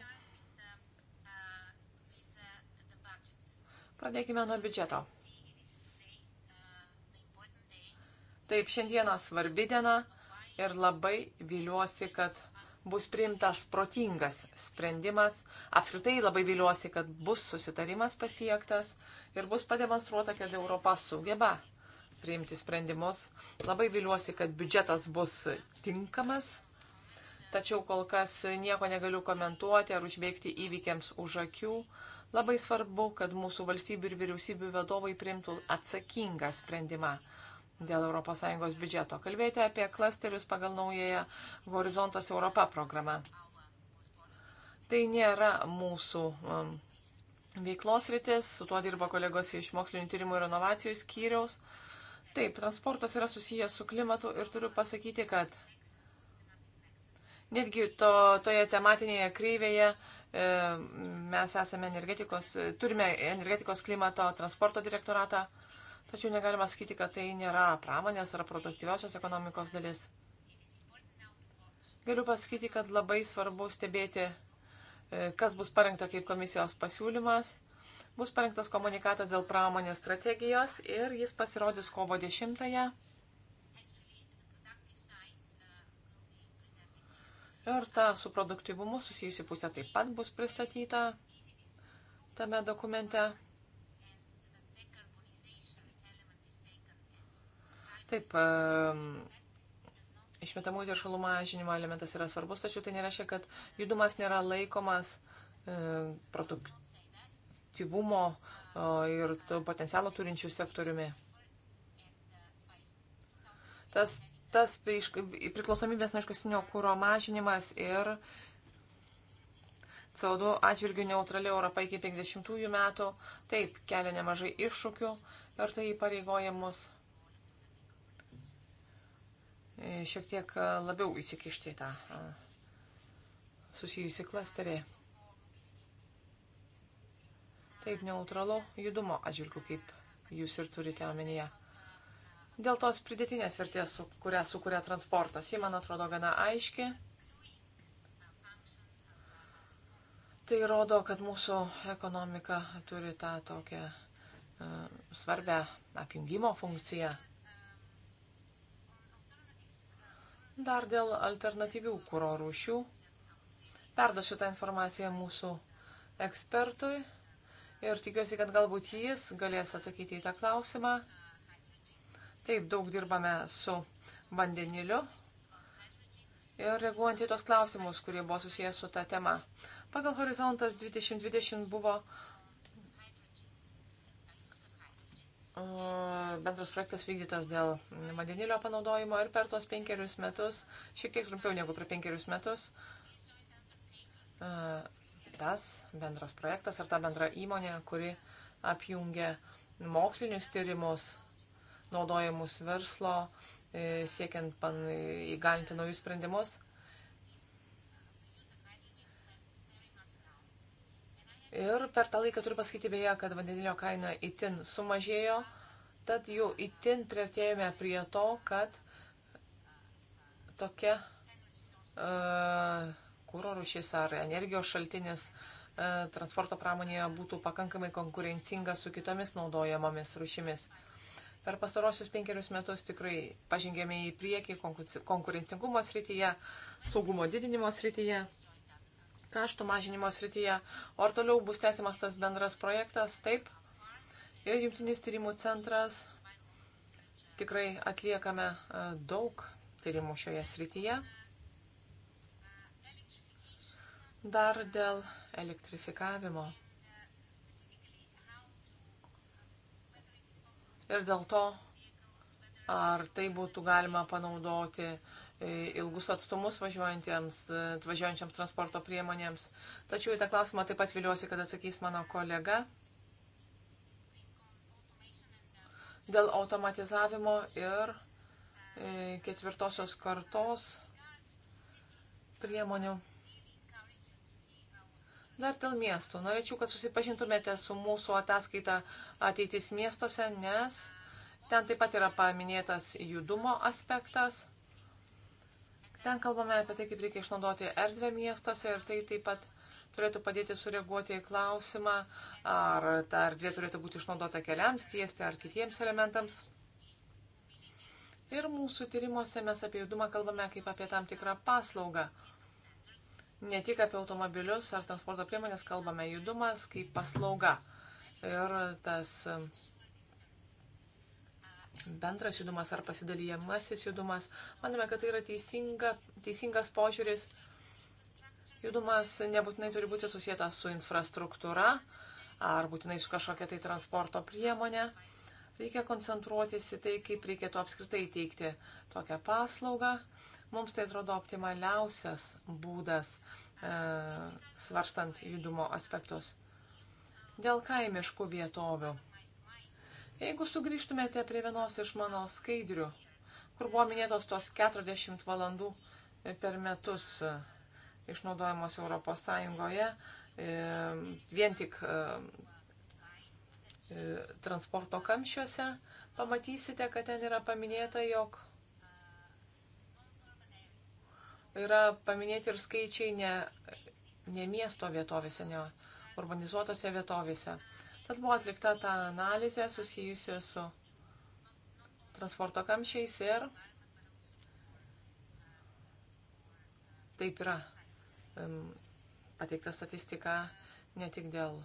Pradėkime nuo biudžeto. Taip, šiandieną svarbi diena ir labai viliuosi, kad bus priimtas protingas sprendimas. Apskritai labai viliuosi, kad bus susitarimas pasiektas ir bus pademonstruota, kad Europa sugeba priimti sprendimus. Labai viliuosi, kad biudžetas bus tinkamas. Tačiau kol kas nieko negaliu komentuoti ar užbėgti įvykiams už akių. Labai svarbu, kad mūsų valstybių ir vyriausybių vadovai priimtų atsakingą sprendimą dėl ES biudžeto. Kalbėti apie klasterius pagal naująją Horizontas Europa programą. Tai nėra mūsų um, veiklos rytis, su tuo dirba kolegos iš mokslinio tyrimų ir inovacijų skyriaus. Taip, transportas yra susijęs su klimatu ir turiu pasakyti, kad netgi to, toje tematinėje kryvėje e, mes esame energetikos, turime energetikos klimato transporto direktoratą. E, Tačiau negalima sakyti, kad tai nėra pramonės ar produktyviosios ekonomikos dalis. Galiu pasakyti, kad labai svarbu stebėti, e, kas bus parengta kaip komisijos pasiūlymas. Bus parengtas komunikatas dėl pramonės strategijos ir jis pasirodys kovo 10-ąją. Ir ta su produktyvumu susijusi pusė taip pat bus pristatyta tame dokumente. Taip, išmetamų teršalų mažinimo elementas yra svarbus, tačiau tai nereiškia, kad judumas nėra laikomas produktyvumo ir potencialo turinčių sektoriumi. Tas, tas priklausomybės nuo iškastinio kūro mažinimas ir CO2 atžvilgių neutrali Europa iki 50 metų taip kelia nemažai iššūkių ir tai įpareigoja mus E, šiek tiek e, labiau įsikišti į tą e, susijusi klasterį. Taip neutralo judumo atžvilgių, kaip jūs ir turite omenyje. Dėl tos pridėtinės vertės, su kurią sukuria transportas, ji man atrodo gana aiški. Tai rodo, kad mūsų ekonomika turi tą tokią uh, svarbę apjungimo funkciją. Dar dėl alternatyvių kūro rūšių. Perduosiu tą informaciją mūsų ekspertui ir tikiuosi, kad galbūt jis galės atsakyti į tą klausimą. Taip, daug dirbame su vandeniliu ir reaguojant į tos klausimus, kurie buvo susijęs su ta tema. Pagal Horizontas 2020 buvo bendras projektas vykdytas dėl vandenilio panaudojimo ir per tuos penkerius metus, šiek tiek trumpiau negu per penkerius metus, e, tas bendras projektas ar ta bendra įmonė, kuri apjungia mokslinius tyrimus, naudojimus verslo, e, siekiant įgalinti naujus sprendimus, Ir per tą laiką turiu pasakyti beje, kad vandenilio kaina itin sumažėjo, tad jau itin priartėjome prie to, kad tokia uh, kūro rušys ar energijos šaltinis uh, transporto pramonėje būtų pakankamai konkurencinga su kitomis naudojamomis rušimis. Per pastarosius penkerius metus tikrai pažengėme į priekį konkurencingumo srityje, saugumo didinimo srityje kaštų mažinimo srityje. O ar toliau bus tęsiamas tas bendras projektas? Taip. Ir Junktinis tyrimų centras. Tikrai atliekame e, daug tyrimų šioje srityje. Dar dėl elektrifikavimo. Ir dėl to, ar tai būtų galima panaudoti uh, ilgus atstumus važiuojantiems, e, važiuojančiams transporto priemonėms. Tačiau į tą klausimą taip pat viliuosi, kad atsakys mano kolega. Dėl automatizavimo ir e, ketvirtosios kartos priemonių. Dar dėl miestų. Norėčiau, kad susipažintumėte su mūsų ataskaita ateitis miestuose, nes ten taip pat yra paminėtas judumo aspektas. Ten kalbame apie tai, kaip reikia išnaudoti erdvę miestuose ir tai taip pat turėtų padėti sureaguoti į klausimą, ar ta erdvė turėtų būti išnaudota keliams tiesti ar kitiems elementams. Ir mūsų tyrimuose mes apie judumą kalbame kaip apie tam tikrą paslaugą. Ne tik apie automobilius ar transporto priemonės kalbame, judumas kaip paslauga. Ir tas bendras judumas ar pasidalijamasis judumas. Manome, kad tai yra teisinga, teisingas požiūris. Judumas nebūtinai turi būti susijęs su infrastruktūra ar būtinai su kažkokia tai transporto priemonė. Reikia koncentruotis į tai, kaip reikėtų apskritai teikti tokią paslaugą. Mums tai atrodo optimaliausias būdas e, svarstant judumo aspektus. Dėl kaimiškų vietovių Jeigu sugrįžtumėte prie vienos iš mano skaidrių, kur buvo minėtos tos 40 valandų per metus e, išnaudojamos Europos Sąjungoje, e, vien tik e, transporto kamščiuose, pamatysite, kad ten yra paminėta, jog yra paminėti ir skaičiai ne, ne miesto vietovėse, ne urbanizuotose vietovėse. Tad buvo atlikta ta analizė susijusi su transporto kamščiais ir taip yra pateikta statistika ne tik dėl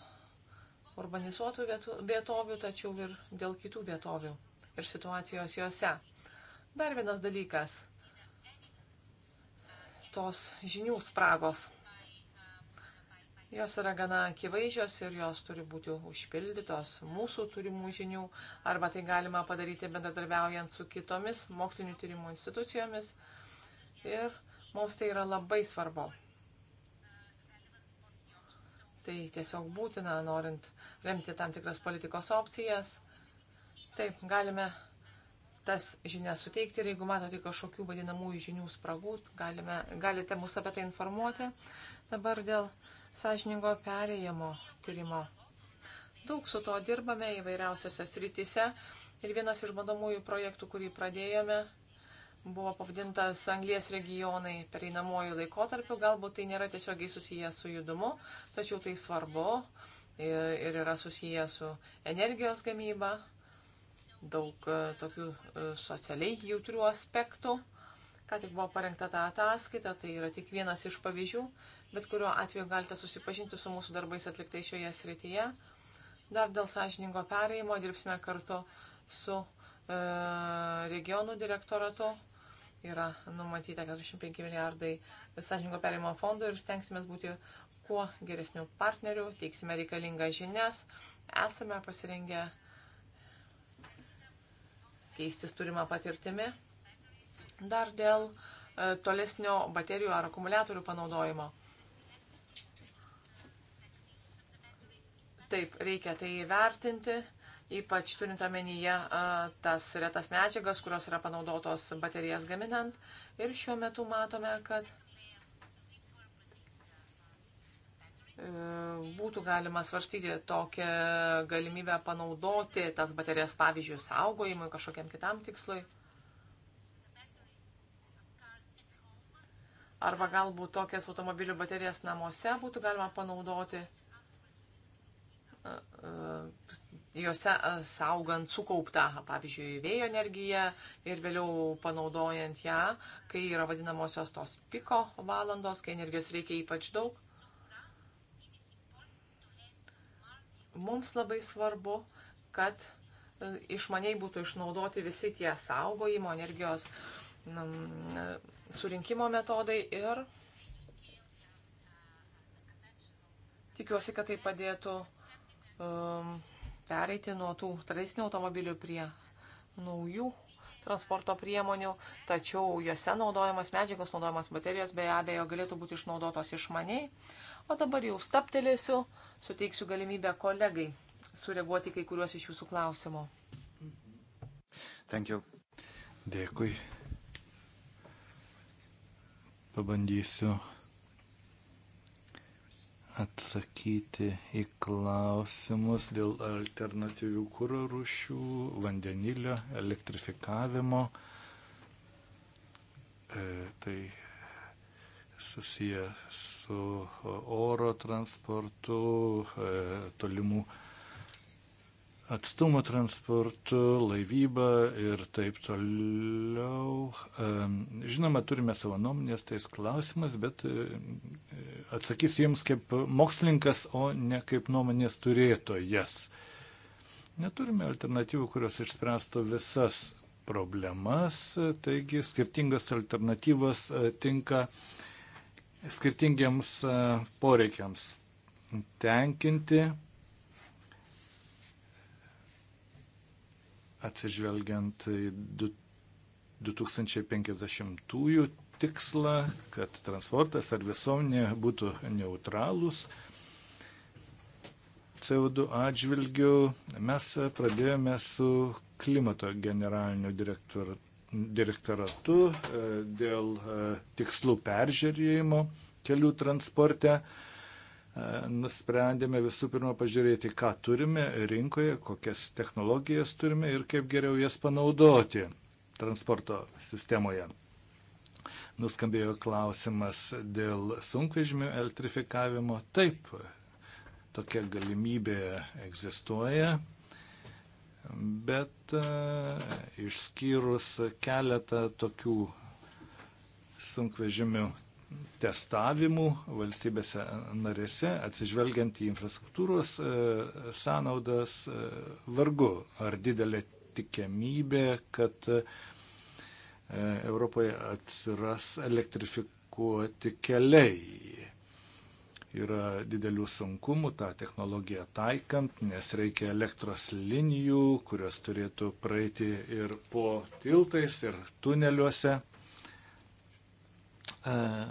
urbanizuotų vietovių, tačiau ir dėl kitų vietovių ir situacijos juose. Dar vienas dalykas - tos žinių spragos. Jos yra gana akivaizdžios ir jos turi būti užpildytos mūsų turimų žinių, arba tai galima padaryti bendradarbiaujant su kitomis mokslinių tyrimų institucijomis. Ir mums tai yra labai svarbu. Tai tiesiog būtina, norint remti tam tikras politikos opcijas. Taip, galime tas žinias suteikti ir jeigu matote kažkokių vadinamųjų žinių spragų, galime, galite mus apie tai informuoti. Dabar dėl sąžiningo perėjimo tyrimo. Daug su to dirbame įvairiausiose srityse ir vienas iš bandomųjų projektų, kurį pradėjome, buvo pavadintas Anglijas regionai pereinamojų laikotarpių. Galbūt tai nėra tiesiogiai susijęs su judumu, tačiau tai svarbu ir yra susijęs su energijos gamyba, daug e, tokių e, socialiai jautrių aspektų. Ką tik buvo parengta ta ataskaita, tai yra tik vienas iš pavyzdžių bet kuriuo atveju galite susipažinti su mūsų darbais atliktai šioje srityje. Dar dėl sąžiningo pereimo dirbsime kartu su e, regionų direktoratu. Yra numatyta 45 milijardai sąžiningo pereimo fondų ir stengsime būti kuo geresnių partnerių, teiksime reikalingas žinias, esame pasirengę keistis turimą patirtimi. Dar dėl e, tolesnio baterijų ar akumuliatorių panaudojimo. Taip, reikia tai įvertinti, ypač turint omenyje tas retas medžiagas, kurios yra panaudotos baterijas gaminant. Ir šiuo metu matome, kad e, būtų galima svarstyti tokią galimybę panaudoti tas baterijas, pavyzdžiui, saugojimui, kažkokiam kitam tikslui. Arba galbūt tokias automobilių baterijas namuose būtų galima panaudoti E, e, juose e, saugant sukauptą, pavyzdžiui, vėjo energiją ir vėliau panaudojant ją, kai yra vadinamosios tos piko valandos, kai energijos reikia ypač daug. Mums labai svarbu, kad išmaniai būtų išnaudoti visi tie saugojimo energijos mm, surinkimo metodai ir tikiuosi, kad tai padėtų uh, um, pereiti nuo tų tradicinių automobilių prie naujų transporto priemonių, tačiau juose naudojamas medžiagos, naudojamas baterijos be abejo galėtų būti išnaudotos išmaniai. O dabar jau staptelėsiu, suteiksiu galimybę kolegai sureaguoti kai kuriuos iš jūsų klausimų. Thank you. Dėkui. Pabandysiu atsakyti į klausimus dėl alternatyvių kūro rūšių, vandenilio, elektrifikavimo. E, tai susiję su oro transportu, e, tolimų e, atstumo transportu, laivybą ir taip toliau. Žinoma, turime savo nuomonės tais klausimas, bet e, atsakys jiems kaip mokslininkas, o ne kaip nuomonės turėtojas. Neturime alternatyvų, kurios išspręstų visas problemas, taigi skirtingas alternatyvas e, tinka skirtingiems e, poreikiams tenkinti atsižvelgiant į 2050-ųjų tikslą, kad transportas ar visuomenė būtų neutralūs. CO2 atžvilgių mes pradėjome su klimato generaliniu direktor, direktoratu e, dėl e, tikslų peržiūrėjimo kelių transporte. E, nusprendėme visų pirma pažiūrėti, ką turime rinkoje, kokias technologijas turime ir kaip geriau jas panaudoti transporto sistemoje. Nuskambėjo klausimas dėl sunkvežimių elektrifikavimo. Taip, tokia galimybė egzistuoja, bet e, išskyrus keletą tokių sunkvežimių testavimų valstybėse narėse, atsižvelgiant į infrastruktūros e, sąnaudas, e, vargu ar didelė tikimybė, kad e, Europoje atsiras elektrifikuoti keliai. Yra didelių sunkumų tą technologiją taikant, nes reikia elektros linijų, kurios turėtų praeiti ir po tiltais, ir tuneliuose. Uh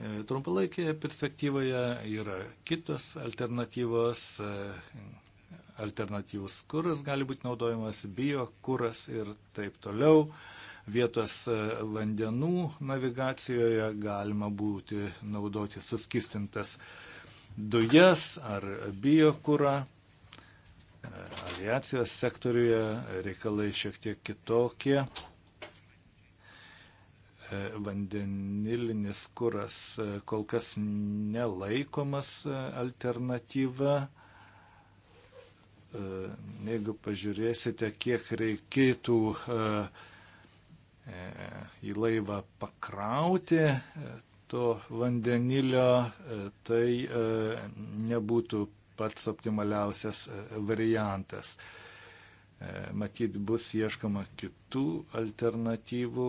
E, trumpalaikėje perspektyvoje yra kitos alternatyvos, e, alternatyvus kuras gali būti naudojamas, biokuras ir taip toliau. Vietos e, vandenų navigacijoje galima būti naudoti suskistintas dujas ar biokurą. Aviacijos sektoriuje reikalai šiek tiek kitokie. E, vandenilinis kuras e, kol kas nelaikomas e, alternatyva. Jeigu pažiūrėsite, kiek reikėtų į laivą pakrauti to vandenilio, tai nebūtų pats optimaliausias variantas. E, matyt bus ieškoma kitų alternatyvų.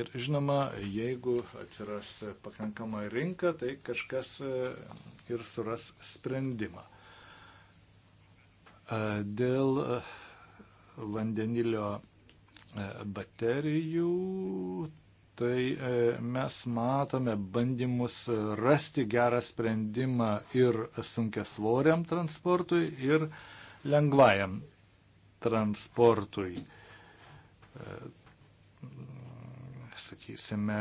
Ir žinoma, jeigu atsiras pakankama rinka, tai kažkas e, ir suras sprendimą. E, dėl vandenilio baterijų, tai mes matome bandymus rasti gerą sprendimą ir sunkia svoriam transportui, ir uh, lengvajam transportui. E, sakysime, e,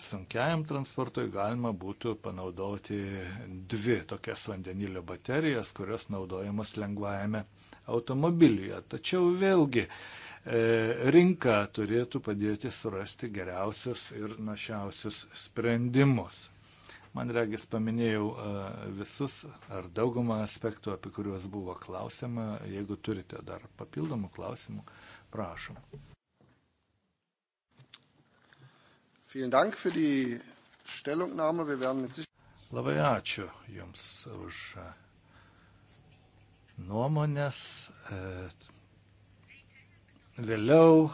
sunkiajam transportui galima būtų panaudoti dvi tokias vandenilio baterijas, kurios naudojamos lengvajame automobilyje. Tačiau vėlgi e, rinka turėtų padėti surasti geriausius ir našiausius sprendimus. Man regis paminėjau visus ar daugumą aspektų, apie kuriuos buvo klausima. Jeigu turite dar papildomų klausimų, prašom. Labai ačiū Jums už nuomonės. E, vėliau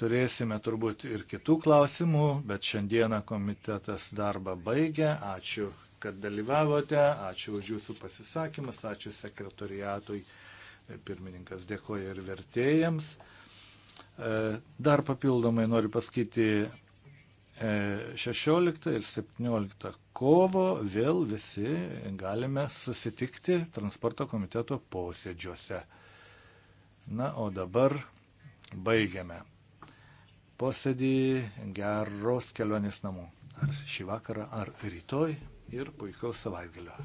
Turėsime turbūt ir kitų klausimų, bet šiandieną komitetas darbą baigia. Ačiū, kad dalyvavote, ačiū už jūsų pasisakymus, ačiū sekretoriatui, e, pirmininkas dėkoja ir vertėjams. E, dar papildomai noriu pasakyti, 16 e, ir 17 kovo vėl visi galime susitikti transporto komiteto posėdžiuose. Na, o dabar baigiame posėdį, geros kelionės namo. Ar šį vakarą, ar rytoj ir puikaus savaitgalio.